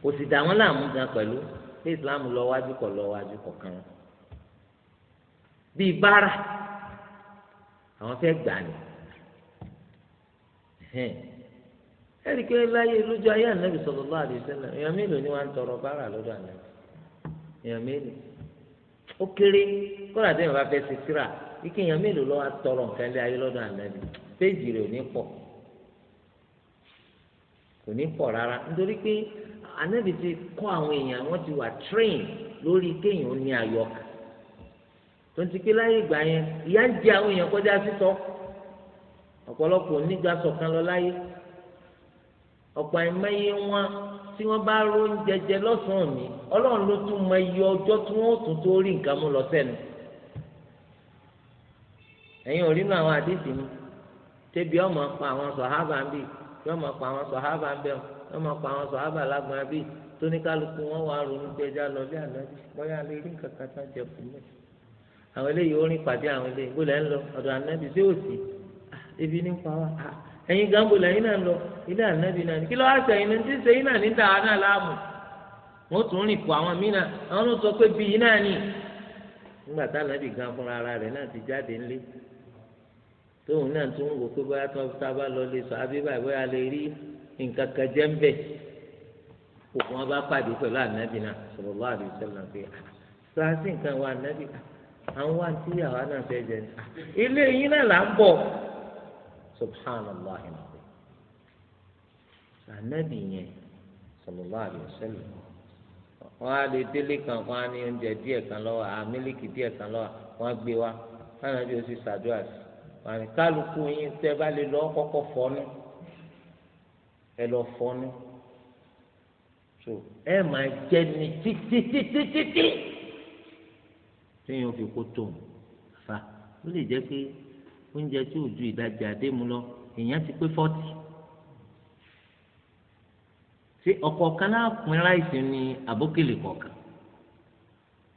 kò sì dà wọ́n láàmú gan pẹ̀lú pé Islam lọ wájú kọ̀ lọ wájú kọ̀ kan bíi bára àwọn fẹ́ gbà ní. ẹ̀rí pé láyé lójú ayé ànábì sallallahu alaihi wasallam èèyàn mélòó ni wọ́n á ń tọrọ bárà lọ́dọ̀ ànábì èèyàn mélòó ó kéré kódà tí èèyàn bá fẹ́ ṣe síra ike èèyàn mélòó lọ́wọ́ á nǹkan lé ayé lọ́dọ̀ ànábì péjì rẹ̀ ò ní pọ̀ kò ní pọ̀ rárá nítorí pé ànábì ti kọ́ àwọn èèyàn wọ́n ti wà train lórí kéèyàn ó ní àyọkà tó ń ti pé láyé ìgbà yẹn ìyá ń jẹ àwọn èèyàn kọjá sísọ lọ ọ̀pọ̀ àìmọye wọn tí wọ́n bá ró ń jẹjẹ lọ́sàn-án mi ọlọ́run ló tún mọ iye ọjọ́ tí wọ́n ó tún tó rí nǹkan mú lọ sẹ́nu. ẹ̀yin ò rínú àwọn àdìsí mi tẹ́bi ọmọ pa àwọn sọ̀hábà ń bì yọ ọmọ pa àwọn sọ̀hábà ń bẹ̀ yọ ọmọ pa àwọn sọ̀hábà lágbọ̀n bí tóníkálukú wọn wà ronú pé ẹja lọ bí àná bóyá lè rí nǹkan kan tá jẹ kù mẹ́. àwọn eléyìí ó rìn pàdé àwọn eléyìí gbọ́dọ̀ ń lọ ọ̀dọ̀ àná ẹ̀yin gambo lẹ́yìn náà lọ ilé ànábì náà kí ló wá sẹ́yìn náà ti sẹ́yìn náà níta àná láàmú wọ́n tún rìn kó àwọn míì náà àwọn ló sọ pé bí yín náà nì nígbà tá ànábì gan fúnra ara rẹ̀ náà ti jáde ńlé tóun náà tún wò pé bóyá tó tá a lọ lè sọ abébà bóyá lè rí nǹkan kan jẹ́ ń bẹ̀ kò wọ́n bá pàdé pẹ̀lú ànábì náà sallallahu alaihi wasallam pé ah, sàásì nǹkan wa ànábì ah, àwọn wa ti yà wá سبحان subhanallah nàbẹ ànábì yẹn sallallahu alaihi wasallam wọn á lè délé kan wọn á ní oúnjẹ díẹ̀ kan lọ́wọ́ àmílíkì díẹ̀ kan lọ́wọ́ wọn á gbé wa wọn àbí o sì ṣàdúrà sí wọn àní kálukú yín tẹ́ bá lè lọ kọ́kọ́ fọnú ẹ lọ fọnú so ẹ máa jẹ ní títítítítí tí yóò fi kó tó nǹkan fa ó lè jẹ pé oúnjẹ tí ò ju ìdajì àdéhùn lọ èèyàn ti pé fọ́tì ṣé ọ̀kọ̀ọ̀kan láàpin ráìsì ni àbókèlè kọ̀ọ̀kan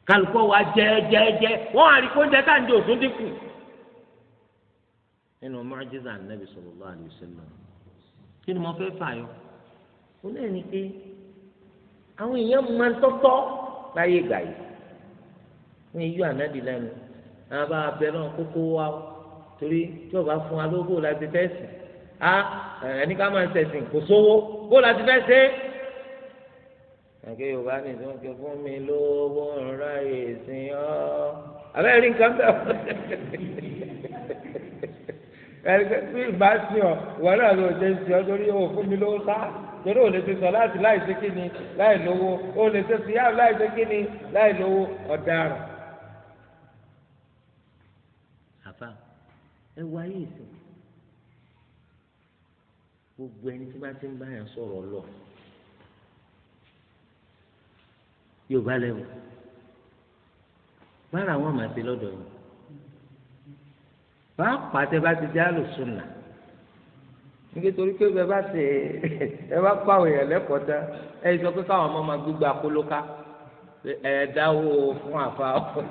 kálukọ́ wa jẹ́ jẹ́ jẹ́ wọ́n á rí kó oúnjẹ tá à ń jẹ òsún dínkù nínú mọ́jísà nàbì sallallahu alaihi wasallam kí ni mo fẹ́ fààyọ ó náà ní pé àwọn èèyàn máa ń tọ́tọ́ láyé ìgbà yìí wọ́n yí ànábì lẹ́nu àwọn bá abẹ náà kókó wá o torí tí o bá fún wa lówó la ti fẹ́ sìn á ẹni ká máa sẹ̀sìn kò sówó bó la ti fẹ́ ṣe é. àgbẹ̀ yorùbá ní tí wọ́n ti fún mi lówó ńlá èsìn ọ́ abẹ́ rí nǹkan bẹ́ẹ̀ ẹgbẹ́ tí ìbá sí ọ ìwọ náà ló ṣe ń sí torí o fún mi lówó sá torí o lè ṣe sọ láti láì ṣe kíni láì lówó o lè ṣe síyá láì ṣe kíni láì lówó ọ̀daràn. ẹ wá yìí sùn gbogbo ẹni tí wọn ti ń bá yẹn sọ̀rọ̀ lọ yorùbá lẹwọ bára wọn máa ti lọ́dọ̀ yìí bá pàtẹ bá ti dé àlùsùn náà nítorí pé bẹ́ẹ̀ bá ti ẹ bá kọ́ àwọn èèyàn lẹ́kọ̀ọ́ tán ẹ sọ pé káwọn ọmọ máa gbígbà kólóká ẹ dáwó fún àfa ọ̀hún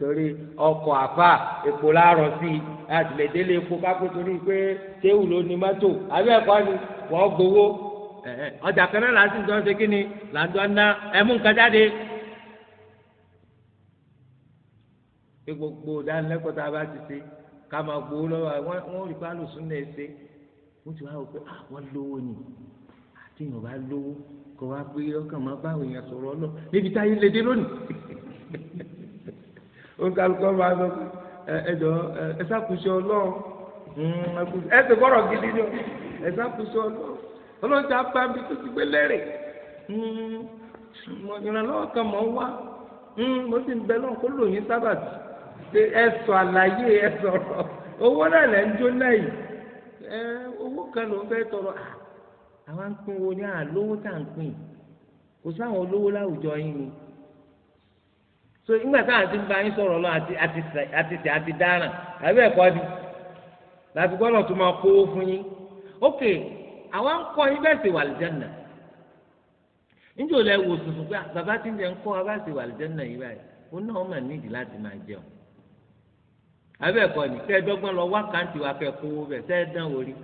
torí ọkọ̀ àfà epo láàrọ̀ sí i láti lè délé epo kápẹ́ torí pé téwù ló ní mọ́tò àbí ẹ̀kọ́ ni wọ́n gbowó ọjà kan náà láti jọ ṣe kí ni làǹdọ̀ ná ẹ̀mú nǹkan jáde. pé gbogbo ìdánilẹ́kọ̀ọ́ tá a bá ti ṣe ká máa gbowó lọ́wọ́ wọn rí pálọ̀ sún náà ṣe wọ́n ti wá wò pé àwọn lówó ni àti ìyàn bá lówó kọ́ wá pé ọkàn máa bá àwọn èèyàn sọ̀rọ̀ ọ lọ níbi táyé lédè lónìí. oníkálukọ́ máa sọ pé ẹ̀dọ́ ẹ̀sàkùsọ ọlọ́run hmm, ẹ̀sìn gidi ni ẹ̀sàkùsọ ọlọ́run ọlọ́run ti apá mi tó ti gbé lérè hmm, ìrànlọ́wọ́ kan mọ̀ ń wá hmm, mo sì ń bẹ kó lòyìn àlàyé owó náà lẹ́ ń jó owó kan ló ń so ìgbà táwọn ti ń bá yín sọ̀rọ̀ lọ àti àti àti àti dáràn àbí ẹ̀kọ́ ni láti gbọ́dọ̀ tó máa kówó fún yín ok àwa ń kọ́ yín bẹ́ẹ̀ sì wà lìjánà níjẹ́ ò lẹ́ wò sùsù pé ah, bàbá tí ń jẹ ń kọ́ wa bá sì wà lìjánà yìí báyìí ó náà ó mà nídìí láti máa jẹun àbí ẹ̀kọ́ ni kẹ́ ẹ dọ́gbọ́n lọ wákàntí wa kẹ́ kówó bẹ̀ sẹ́ ẹ dán orí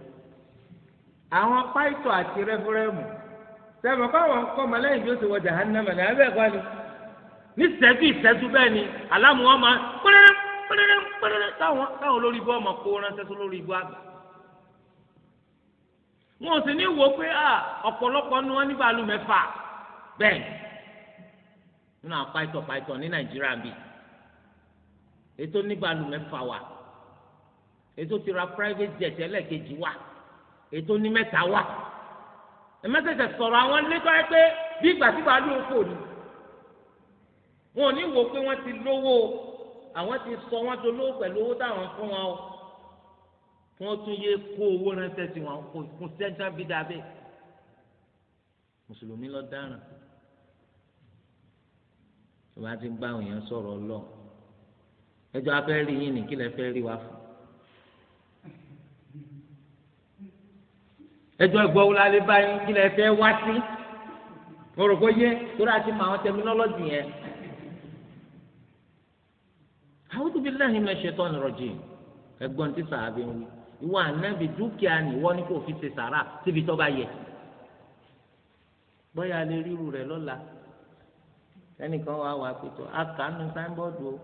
àwọn pàìtọ́ àti rẹ́fúrẹ́mù sẹ́mi káwọn kọ́ mọ́lẹ́yìn tó ti wọ jahannama ní abẹ́ ẹ̀kọ́ ni ní sẹ́jú ìsẹ́jú bẹ́ẹ̀ ni aláàmù wọn máa pẹ́rẹ́rẹ́ pẹ́rẹ́rẹ́ pẹ́rẹ́rẹ́ táwọn táwọn olórí ibú ọmọ kó ránṣẹ́ sí olórí ibú àgbà. wọn ò sì ní wò ó pé ọ̀pọ̀lọpọ̀ ni wọ́n ní bàálù mẹ́fà bẹ́ẹ̀ nínú àwọn pàìtọ̀ pàìtọ̀ ní nàìjíríà bíi ètò ní bàálù mẹ́fà wà ètò ti ra private jet ẹlẹ́ẹ̀kejì wà ètò ní mẹ́ta wà ẹ̀mẹ́sẹ̀sẹ̀ sọ̀rọ̀ àwọn lẹ́tọ́ ẹ pé bí ìgbà wọn ò ní wo pé wọ́n ti lówó àwọn ti sọ wọ́n tó lówó pẹ̀lú owó táwọn fún wọn o wọ́n tún yé kó owó ránṣẹ́ sí wọn kò kún sẹ́ńtà bí dábẹ́ mùsùlùmí lọ dáràn tó bá ti ń bá òyìn sọ̀rọ̀ lọ ẹjọ́ afẹ́ rí yín ní kí lẹ fẹ́ rí wa fún ẹjọ́ ìgbọ́wọ́lá lè bá yín kí lẹ fẹ́ wá sí mo rò pé yé tó dáa ti mọ àwọn tẹminọ́lọ́jì yẹn a'udhu billahi minash shaitani rajim ẹ̀gbọ́n tí sàábì ń wí ìwọ ànábì dúkìá ni ìwọ ni kò fi ṣe sàrà síbi tó bá yẹ bóyá lè ríru rẹ lọ́la ẹnìkan wà wà pẹ̀tọ́ akànú sáńbọ́ọ̀dù o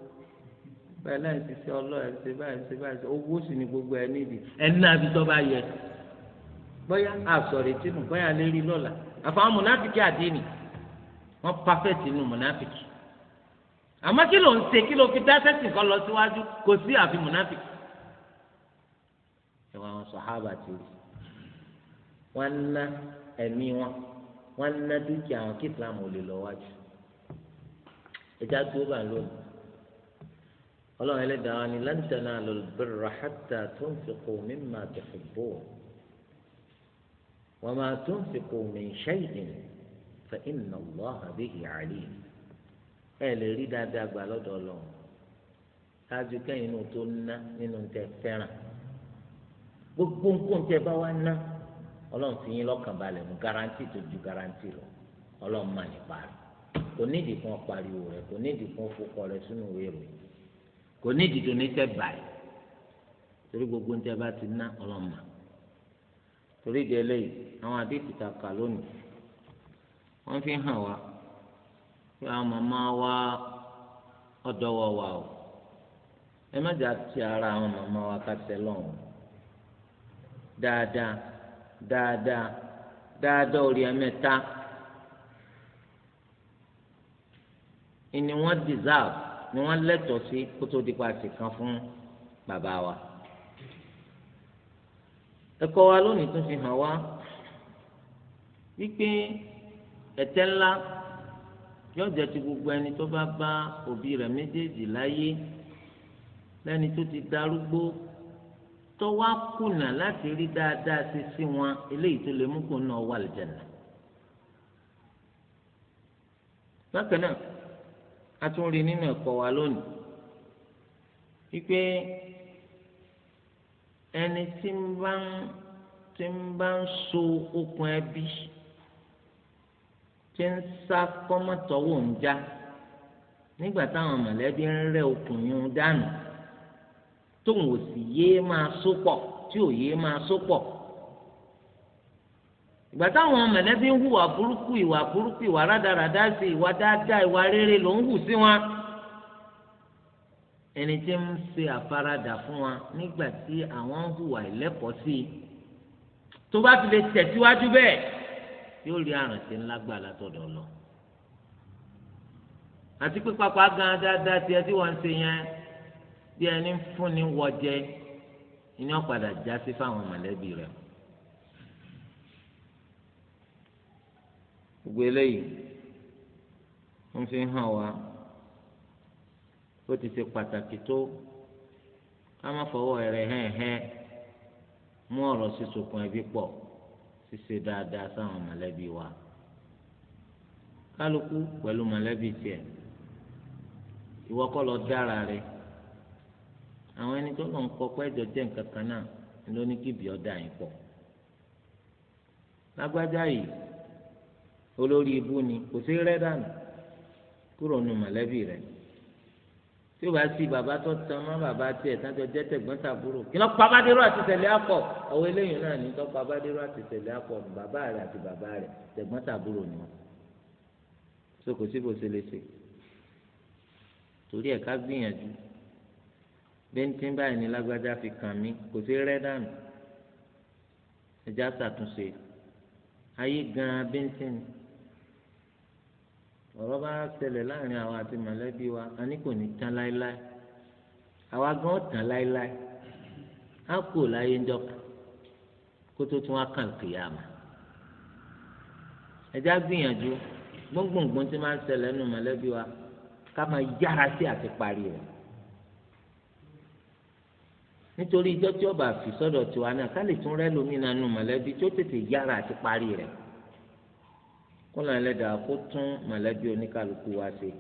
bẹ́ẹ̀ náà ti ṣe ọlọ́ ẹ̀ ṣe báyìí ṣe báyìí owó sì ni gbogbo ẹ̀ nídìí ẹni náà bí tó bá yẹ bóyá àsọ̀rẹ̀ tìǹbù bóyá lè rí lọ́la àfàwọn mùnáfíkì àdínì wọ́n pàfẹ́tì nù mùnáfíkì àmọ́ kí ló ń ṣe kí ló fi dá sẹ́sìn kan lọ síwájú kò sí àfi mùnáfì. ẹ wá wọn sàhábà ti rí wọn ná ẹ̀mí wọn wọn ná dúkìá wọn kí islam ò lè lọ wájú ẹja tó bá lónìí ọlọ́run ẹlẹ́dàá wa ni lan tanalul birra hatta tunfiqu mimma tuhibbun wa ma tunfiqu min shay'in fa inna Allaha bihi alim. ẹ lè rí dáadáa gbà lọ́dọ̀ ọlọ́run ṣáájú kẹ́yìn inú tó ná nínú tẹ fẹ́ràn gbogbo nǹkan tẹ bá wá ná ọlọ́run fi yín lọ́kàn balẹ̀ mú garanti tó ju garanti lọ ọlọ́run mà ní parí kò nídìí pariwo rẹ kò nídìí kan fokọ rẹ sínú pé àwọn màmá wa ọ̀dọ́wọ́ wa o ẹ má jà ti ara àwọn màmá wa ká tẹ lọ́hùn dáadáa dáadáa dáadáa orí ẹ̀mẹ́ta ni wọ́n deserve ni wọ́n lẹ́tọ̀ọ́ sí kó tó di pa àtìkan fún bàbá wa ẹ̀kọ́ wa lónìí tún fi hàn wá wípé ẹ̀tẹ́ ńlá yóò jẹ́ ti gbogbo ẹni tó bá bá òbí rẹ̀ méjèèjì láyé lẹ́ni tó ti darúgbó tó wá kùnà láti rí dáadáa sí sí wọn eléyìí tó lè mú kó náà wà lìjànà. bákan náà a tún rí nínú ẹ̀kọ́ wa lónìí wípé ẹni tí ń bá ń tí ń bá ń so okùn ẹbí. E tí ń sá kọ́mọ́tọ́wò ń já nígbà táwọn mọ̀lẹ́bí ń rẹ́ okùnrin dànù tóun ò sì yéé máa sópọ̀ tí ò yéé máa sópọ̀ ìgbà táwọn mọ̀lẹ́bí ń hùwà burúkú ìwà burúkú ìwà rádaràdá sí ìwà dáadáa ìwà rere ló ń hù sí wọn ẹni tí ń ṣe àfaradà fún wa nígbà tí àwọn ń hùwà ìlẹ́kọ̀ọ́ sí i tó bá ti lè tẹ̀síwájú bẹ́ẹ̀ yóò rí àrànṣe ńlá gbà látọ̀dọ̀ lọ. àti pé pápá gan dáadáa tiẹ̀ tí wọ́n ń ṣe yẹn bí ẹni fúnni wọjẹ ni wọ́n padà já sí fáwọn mọ̀lẹ́bí rẹ̀. gbogbo eléyìí ń fi hàn wá bó ti ṣe pàtàkì tó ká má fọwọ́ rẹ̀ hẹ́ẹ̀hẹ́ mú ọ̀rọ̀ sísokùn ẹbí pọ̀. ṣíṣe dáadáa sáwọn mọ̀lẹ́bí wa kálukú pẹ̀lú mọ̀lẹ́bí tiẹ̀ ìwọ kọ́ lọ dára rẹ àwọn ẹni tó lọ ń kọ pé ẹjọ nǹkan kan náà ló ní kí yìí pọ̀ lágbájá yìí olórí ibú ni kò sí dànù kúrò mọ̀lẹ́bí tí o bá ti bàbá tó tán má bàbá tiẹ̀ tájọ jẹ́ tẹ̀gbọ́n-tàbúrò kí lọ́ pa abádéró àti tẹ̀lé akọ àwọn eléyìí náà ní tọ́ pa abádéró àti tẹ̀lé akọ bàbá rẹ̀ àti bàbá rẹ̀ tẹ̀gbọ́n-tàbúrò ni wọn. so kò síbò ṣe lè ṣe torí ẹ̀ ká gbìyànjú bíntín báyìí ní lágbájá fi kàn mí kò sí rẹ́ dànù ẹja ṣàtúnṣe ayé gan bíntín ni ọ̀rọ̀ bá ṣẹlẹ̀ láàrin àwọn àti mọ̀lẹ́bí wa a ní kò ní tán láéláé àwa gan tán láéláé á kú láyé ńjọ kó tó tún wá kàn kìyàmà ẹjẹ á gbìyànjú gbóngbóngbóng tí máa ń ṣẹlẹ̀ nínú mọ̀lẹ́bí wa ká máa yára sí àti parí rẹ̀ nítorí ìjọ tí ọba fi sọ́dọ̀ tiwa náà ká lè tún rẹ́ lómìnira nínú mọ̀lẹ́bí tí ó tètè yára àti parí rẹ̀ kọ́nà ẹlẹ́dàá kó tún mọ̀lẹ́bí oníkàlùkù wa ṣe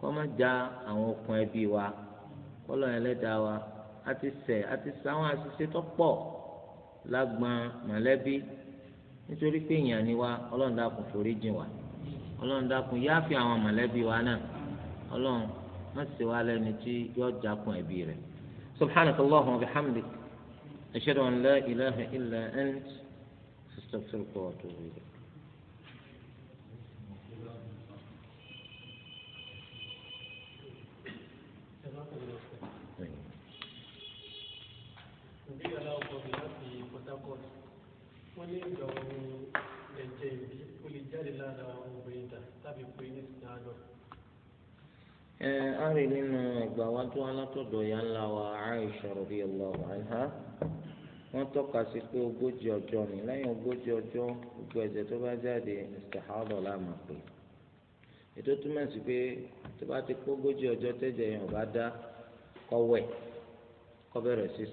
kọ́ má já àwọn okùn ẹbí wa kọ́nà ẹlẹ́dàá wa á ti ṣẹ̀ á ti ṣe àwọn àṣìṣe tó pọ̀ lágbọn mọ̀lẹ́bí nítorí pé èèyàn ni wa ọlọ́run dákun forí jìn wá ọlọ́run dákun yááfi àwọn mọ̀lẹ́bí wa náà ọlọ́run má ṣe wá lẹ́ni tí yóò jákun ẹbí rẹ̀ subhanaka allahumma wa bihamdik ashhadu an la ilaha illa ant astaghfiruka wa atubu ilayk wọ́n ní ọrụ wo ẹ̀jẹ̀ ìbí ó lè jáde lára àwọn obìnrin dà tàbí pé ní nínú ẹgbà ya ńlá wa Aisha radiyallahu anha wọn tọka sí pé ogójì ọjọ ni lẹ́yìn ogójì ọjọ gbogbo ẹ̀jẹ̀ tó bá jáde istihada la máa pè ètò túmọ̀ sí pé tó bá ti ogójì tẹ́jẹ̀ yẹn ò bá dá kọ́wẹ̀ sí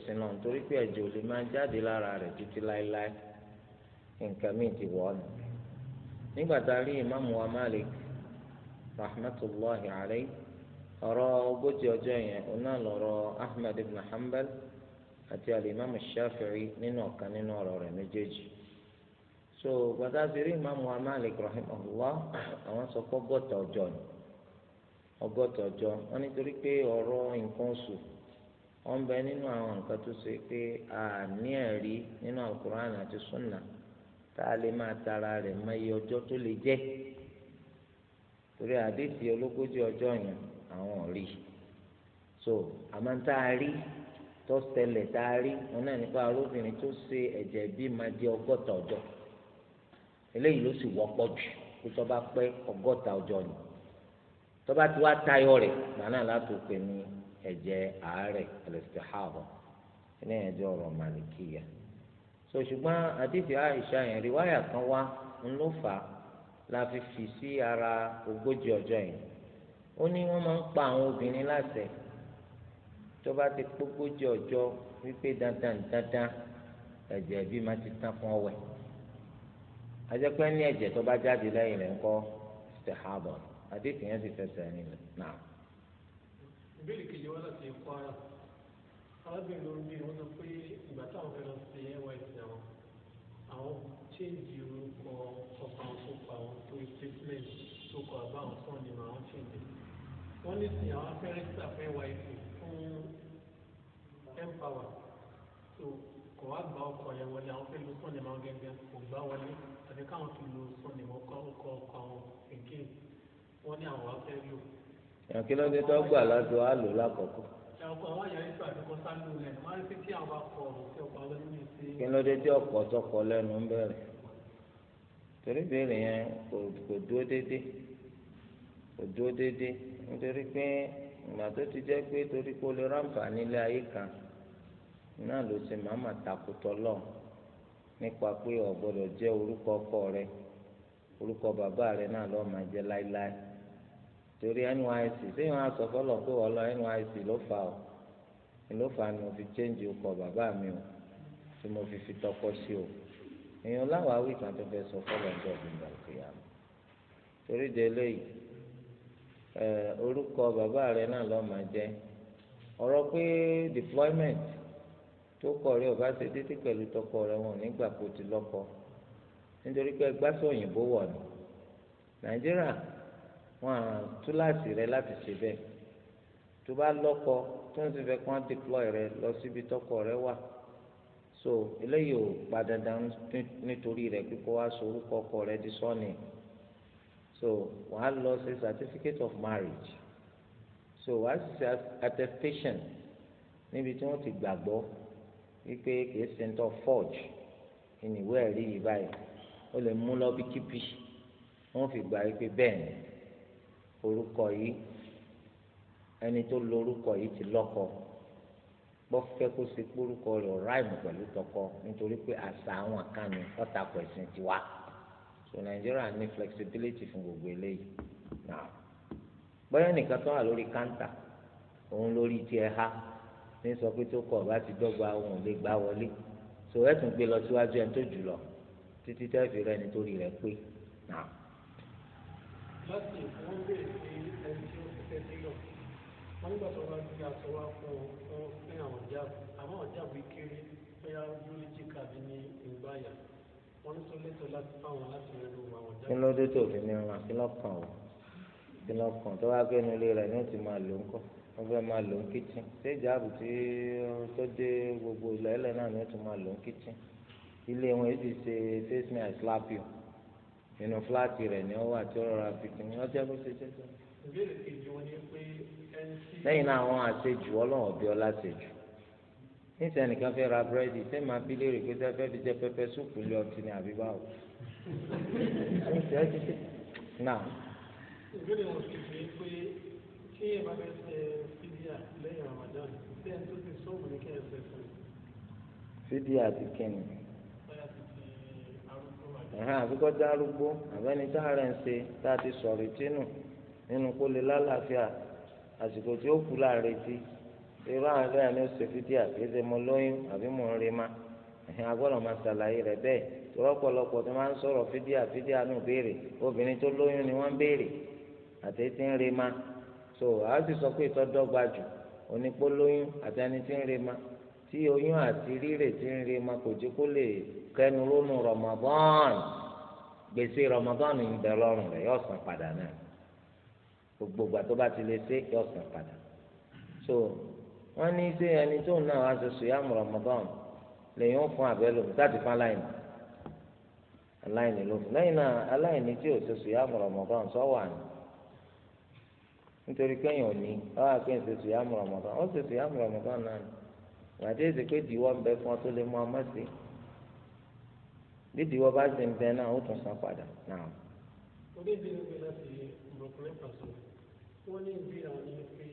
pé nǹkan míì ti wọ̀ ọ́ nígbà tá a rí ìmáàmù wa Malik rahmatulahi ọ̀rọ̀ ogójì ọjọ́ yẹn ọ̀nà lọ́rọ̀ ibn Hanbal àti alimami Shafi'i nínú ọ̀kan nínú ọ̀rọ̀ rẹ̀ méjèèjì. so gbàtà sí rí ìmáàmù wa Malik rahimahullah àwọn sọ pé ọgọ́ta ọjọ́ ni ọgọ́ta ọjọ́ wọn nítorí pé ọ̀rọ̀ nǹkan oṣù wọn bẹ nínú àwọn nǹkan tó ṣe pé nínú àti tá a lè máa tara rẹ̀ mọ iye ọjọ́ tó lè jẹ́ torí àdéhìí ológójì ọjọ́ yẹn àwọn ò rí so àmọ́ tá a rí tó ṣẹlẹ̀ tá a rí wọn náà nípa arúbìnrin tó ṣe ẹ̀jẹ̀ bí máa di ọgọ́ta ọjọ́ eléyìí ló sì wọ́pọ̀ jù kó tó bá pẹ́ ọgọ́ta ọjọ́ ni tó bá ti wá tayọ rẹ̀ gbà náà látò ní ẹ̀jẹ̀ àárẹ̀ ẹ̀lẹ́sìtì hàbọ̀ ẹ̀lẹ́yìn ẹ̀jẹ̀ ọ̀rọ̀ mànìkìyà so ṣùgbọ́n àdìsí àìsà yẹn rìwáyà kan wá ńlọ fà á la fi fi sí ara ogójì ọjọ́ yẹn ó ní wọ́n máa ń pa àwọn obìnrin láṣẹ tó bá ti pógójì ọjọ́ wípé dandan dandan ẹ̀jẹ̀ bí máa ti tán fún ọwẹ́ ajẹ́pẹ́ ní ẹ̀jẹ̀ tó bá jáde lẹ́yìn rẹ̀ ńkọ́ istihaba àdìsí yẹn ti fẹsẹ̀ nílẹ̀ náà. ìbéèrè kejì wọn láti Kwara arábìnrin orí wọn sọ pé ìgbà táwọn fẹ́ lọ sí nyc àwọn àwọn chéǹjì orúkọ ọkọ àwọn tó pa àwọn tó statement tó kọ àbá àwọn fún ọ̀nìmọ àwọn chéǹjì wọn ní sìn àwọn afẹ́rẹ́ sísà fẹ́ nyc fún empower tó kọ̀ wá gba ọkọ̀ yẹn wọlé àwọn fẹ́ lu sọ́ọ̀nìmọ̀ àwọn gẹ́gẹ́ kò gbá wọlé àti káwọn fi lu sọ́ọ̀nìmọ̀ ọkọ̀ ọkọ̀ ọkọ̀ àwọn èké wọn ní àwọn afẹ́ lò. ìyànkí ló dé tó gbà lọ́dọ̀ á lò ẹ̀kọ́ àwọn èèyàn yìí gbàdúgbò sálú rẹ̀ máa ń fi kí àwọn akọ̀ tí ọkọ̀ àwọn ẹni ṣe. kí ló dé tí ọkọ̀ sọkọ lẹ́nu ń bẹ̀rẹ̀ torí ìbéèrè yẹn kò dúró déédé kò dúró déédé nítorí pé ìgbà tó ti jẹ́ pé torí pé o lè ráǹfà nílé ayé kan náà ló ti màmá takùtọ̀ lọ nípa pé o gbọ́dọ̀ jẹ́ orúkọ ọkọ rẹ orúkọ bàbá rẹ náà lọ́ọ́ máa jẹ́ láéláé. torí NYSC ṣé wọn sọ fọlọ pé wọn lọ NYSC ló fà ó ló fi change ụkọ bàbá mi o tí mo fi fi tọkọ sí o èèyàn láwọn awí kan sọ fọlọ ń bọ̀ nígbà òkèèyà mi torí de eléyìí ẹ bàbá rẹ náà lọ́ọ́ máa pé deployment tó kọ tọkọ rẹ wọn nígbà kó ti nítorí pé wọn túláàsì rẹ láti ṣe bẹ́ẹ̀ tó bá lọ́kọ tó ń fẹ́ kó wọn deploy rẹ lọ síbi tọ́kọ rẹ wà so eléyìí ò pa dandan nítorí rẹ pé kó wá sọ orúkọ ọkọ rẹ di sọ́ọ̀nì so wàá lọ ṣe certificate of marriage so wàá ṣe attestation níbi tí wọ́n ti gbàgbọ́ wípé kìí ṣe ń tọ́ forge ìníwé ẹ̀rí yìí báyìí ó lè mú lọ bí kíbi wọ́n fi gbà wípé bẹ́ẹ̀ ni. orúkọ yìí ẹni tó lo orúkọ yìí ti lọ́kọ gbọ́fẹ́ kó ṣe kórúkọ rẹ̀ ráìmù pẹ̀lú tọkọ nítorí pé àṣà àwọn àkànnì ọ̀tàkọ̀ pẹ̀sìn ti wá so Nàìjíríà ní flexibility fún gbogbo eléyìí náà bóyá nìkan tó wà lórí káńtà òun lórí tiẹ̀ ha ní sọ pé tó kọ̀ bá ti dọ́gba òun ò lè gbá wọlé so láti ìfowó bèrè sí ẹni tí ó ti fẹ́ sílọ̀ wọ́n nígbà tó bá gbé aṣọ wá fún fún fún àwọn ìjáàbù àwọn ìjáàbù kéré bóyá lórí jíkà bí ní ìgbáyà wọ́n tó lẹ́tọ̀ọ́ láti fáwọn láti rẹ̀ lóhùn àwọn ìjáàbù. kí ló dé tó fi ní ọ̀ràn kí ló kàn ọ́ kí ló kàn tó bá gbé inú ilé rẹ̀ ní ti máa lò ń kọ́ wọ́n fẹ́ máa lò ń kíchìn ṣé ìjáàbù tí tó dé gbogbo ìlẹ̀ẹ́lẹ̀ náà ní ti máa lò ń kíchìn ilé wọn èyí ti ṣe face me i slap you inú fúláàtì rẹ̀ ni ó wà tí ó rọra fi kìnnìún ọjọ́ bó ṣe jẹ́ jẹ́. lẹ́yìn náà àwọn àṣejù ọlọ́run ọ̀bí ọlá ṣejù níṣẹ́ nìkan fẹ́ ra búrẹ́dì ṣé máa bí léèrè pé ṣé fẹ́ fi jẹ pẹpẹ súùpù lé ọtí ni àbí báwo. náà. ìbéèrè wọn kì í ṣe pé kí ẹ bá fẹ́ ṣe fídíà lẹ́yìn Ramadan ṣé tó ti sọ́ọ̀bù ní kẹ́ẹ̀ẹ́sẹ̀ fídíà ti kẹ́ni. ẹ̀hán àbíkọ́ dárúgbó àbẹ́ni táàrẹ̀ ń ṣe tá a ti sọ̀rọ̀ tínú nínú kó lè lálàáfíà àsìkò tí ó kú láàrin tí irú àwọn ẹgbẹ́ ni ó ṣe mo lóyún àbí mo ń ma ẹ̀hìn agbọ́dọ̀ máa ṣàlàyé rẹ̀ bẹ́ẹ̀ tọ́lọ́pọ̀lọpọ̀ ma máa ń sọ̀rọ̀ fídíò fídíò àánú béèrè obìnrin tó lóyún ni wọ́n béèrè àti ń ma so àá sọ pé àti ẹni ń ma tí oyún àti rírè ti ń rí ma kò jẹ́ kó lè kẹnu lónú gbèsè Ramadan ń bẹ lọ́rùn rẹ̀ yóò san padà náà gbogbo ìgbà tó bá ti lè ṣe yóò san padà so wọ́n ní ṣé ẹni tó náà wá ṣe sùyàmù Ramadan lèyìn ó fún abẹ́lò láti fún aláìní aláìní ló lẹ́yìn náà aláìní tí ò gbàdé èsì pé dìwọ́ ń bẹ fún ọ tó lè mú ọmọ sí bí dìwọ́ bá sì ń bẹ náà ó tún san padà náà. orí ìbéèrè mi láti brooklyn pàṣẹ wọn ní ìbéèrè àwọn ní pé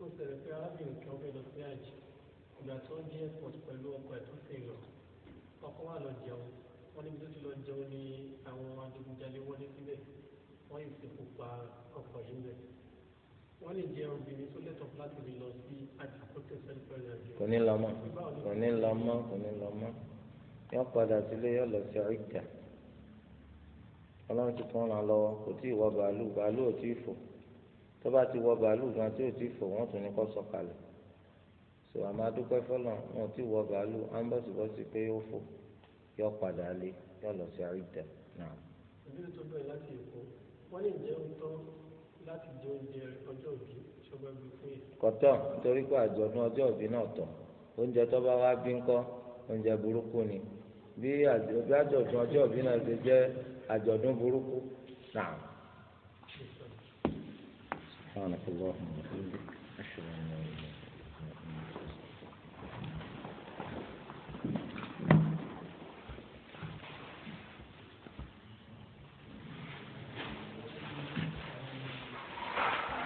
ó ṣẹlẹ̀ pé arábìnrin kan fẹ́ lọ sí àjì ìgbà tó ń dé airport pẹ̀lú ọkọ̀ ẹ̀ tó lọ ọkọ̀ wà lọ jẹun wọn níbi tó ti lọ jẹun ní àwọn adigunjalè wọlé síbẹ̀ wọ́n yìí ti kópa ọkọ̀ yìí bẹ̀rẹ̀ wọ́n lè jẹ́ obìnrin tó lẹ́tọ̀ láti lè lọ sí àtìkọ́tẹ̀ sẹ́lifẹ̀rẹ̀ àjọ. kò ní lọ mọ́ kò ní lọ mọ́ kò ní lọ mọ́ yọ padà sílé yọ lọ sí àríkà ọlọ́run ti kàn án lọ́wọ́ kò tí ì wọ bàálù bàálù ò tí ì fò tó bá ti wọ bàálù gan tí ò tí ì fò wọ́n tún ní kó sọ̀kalẹ̀ sọ àmọ́ adúpẹ́ fọlọ́ wọn ò tí ì wọ bàálù á ń bọ̀sibọ́sí pé yóò fò yọ padà lé yọ lọ sí àríkà náà. ìbílẹ̀ tó bẹ̀rẹ̀ láti èkó wọ́n lè jẹ́ òótọ́ láti jẹ oúnjẹ ọjọ́ òbí ṣọgbọ́n gbé fún yẹn. kọtọ torí pé àjọ̀dún ọjọ́ òbí náà tọ̀ oúnjẹ tó bá wá bí ńkọ́ oúnjẹ burúkú ni bí àjọ̀dún ọjọ́ òbí náà ṣe jẹ́ àjọ̀dún burúkú náà.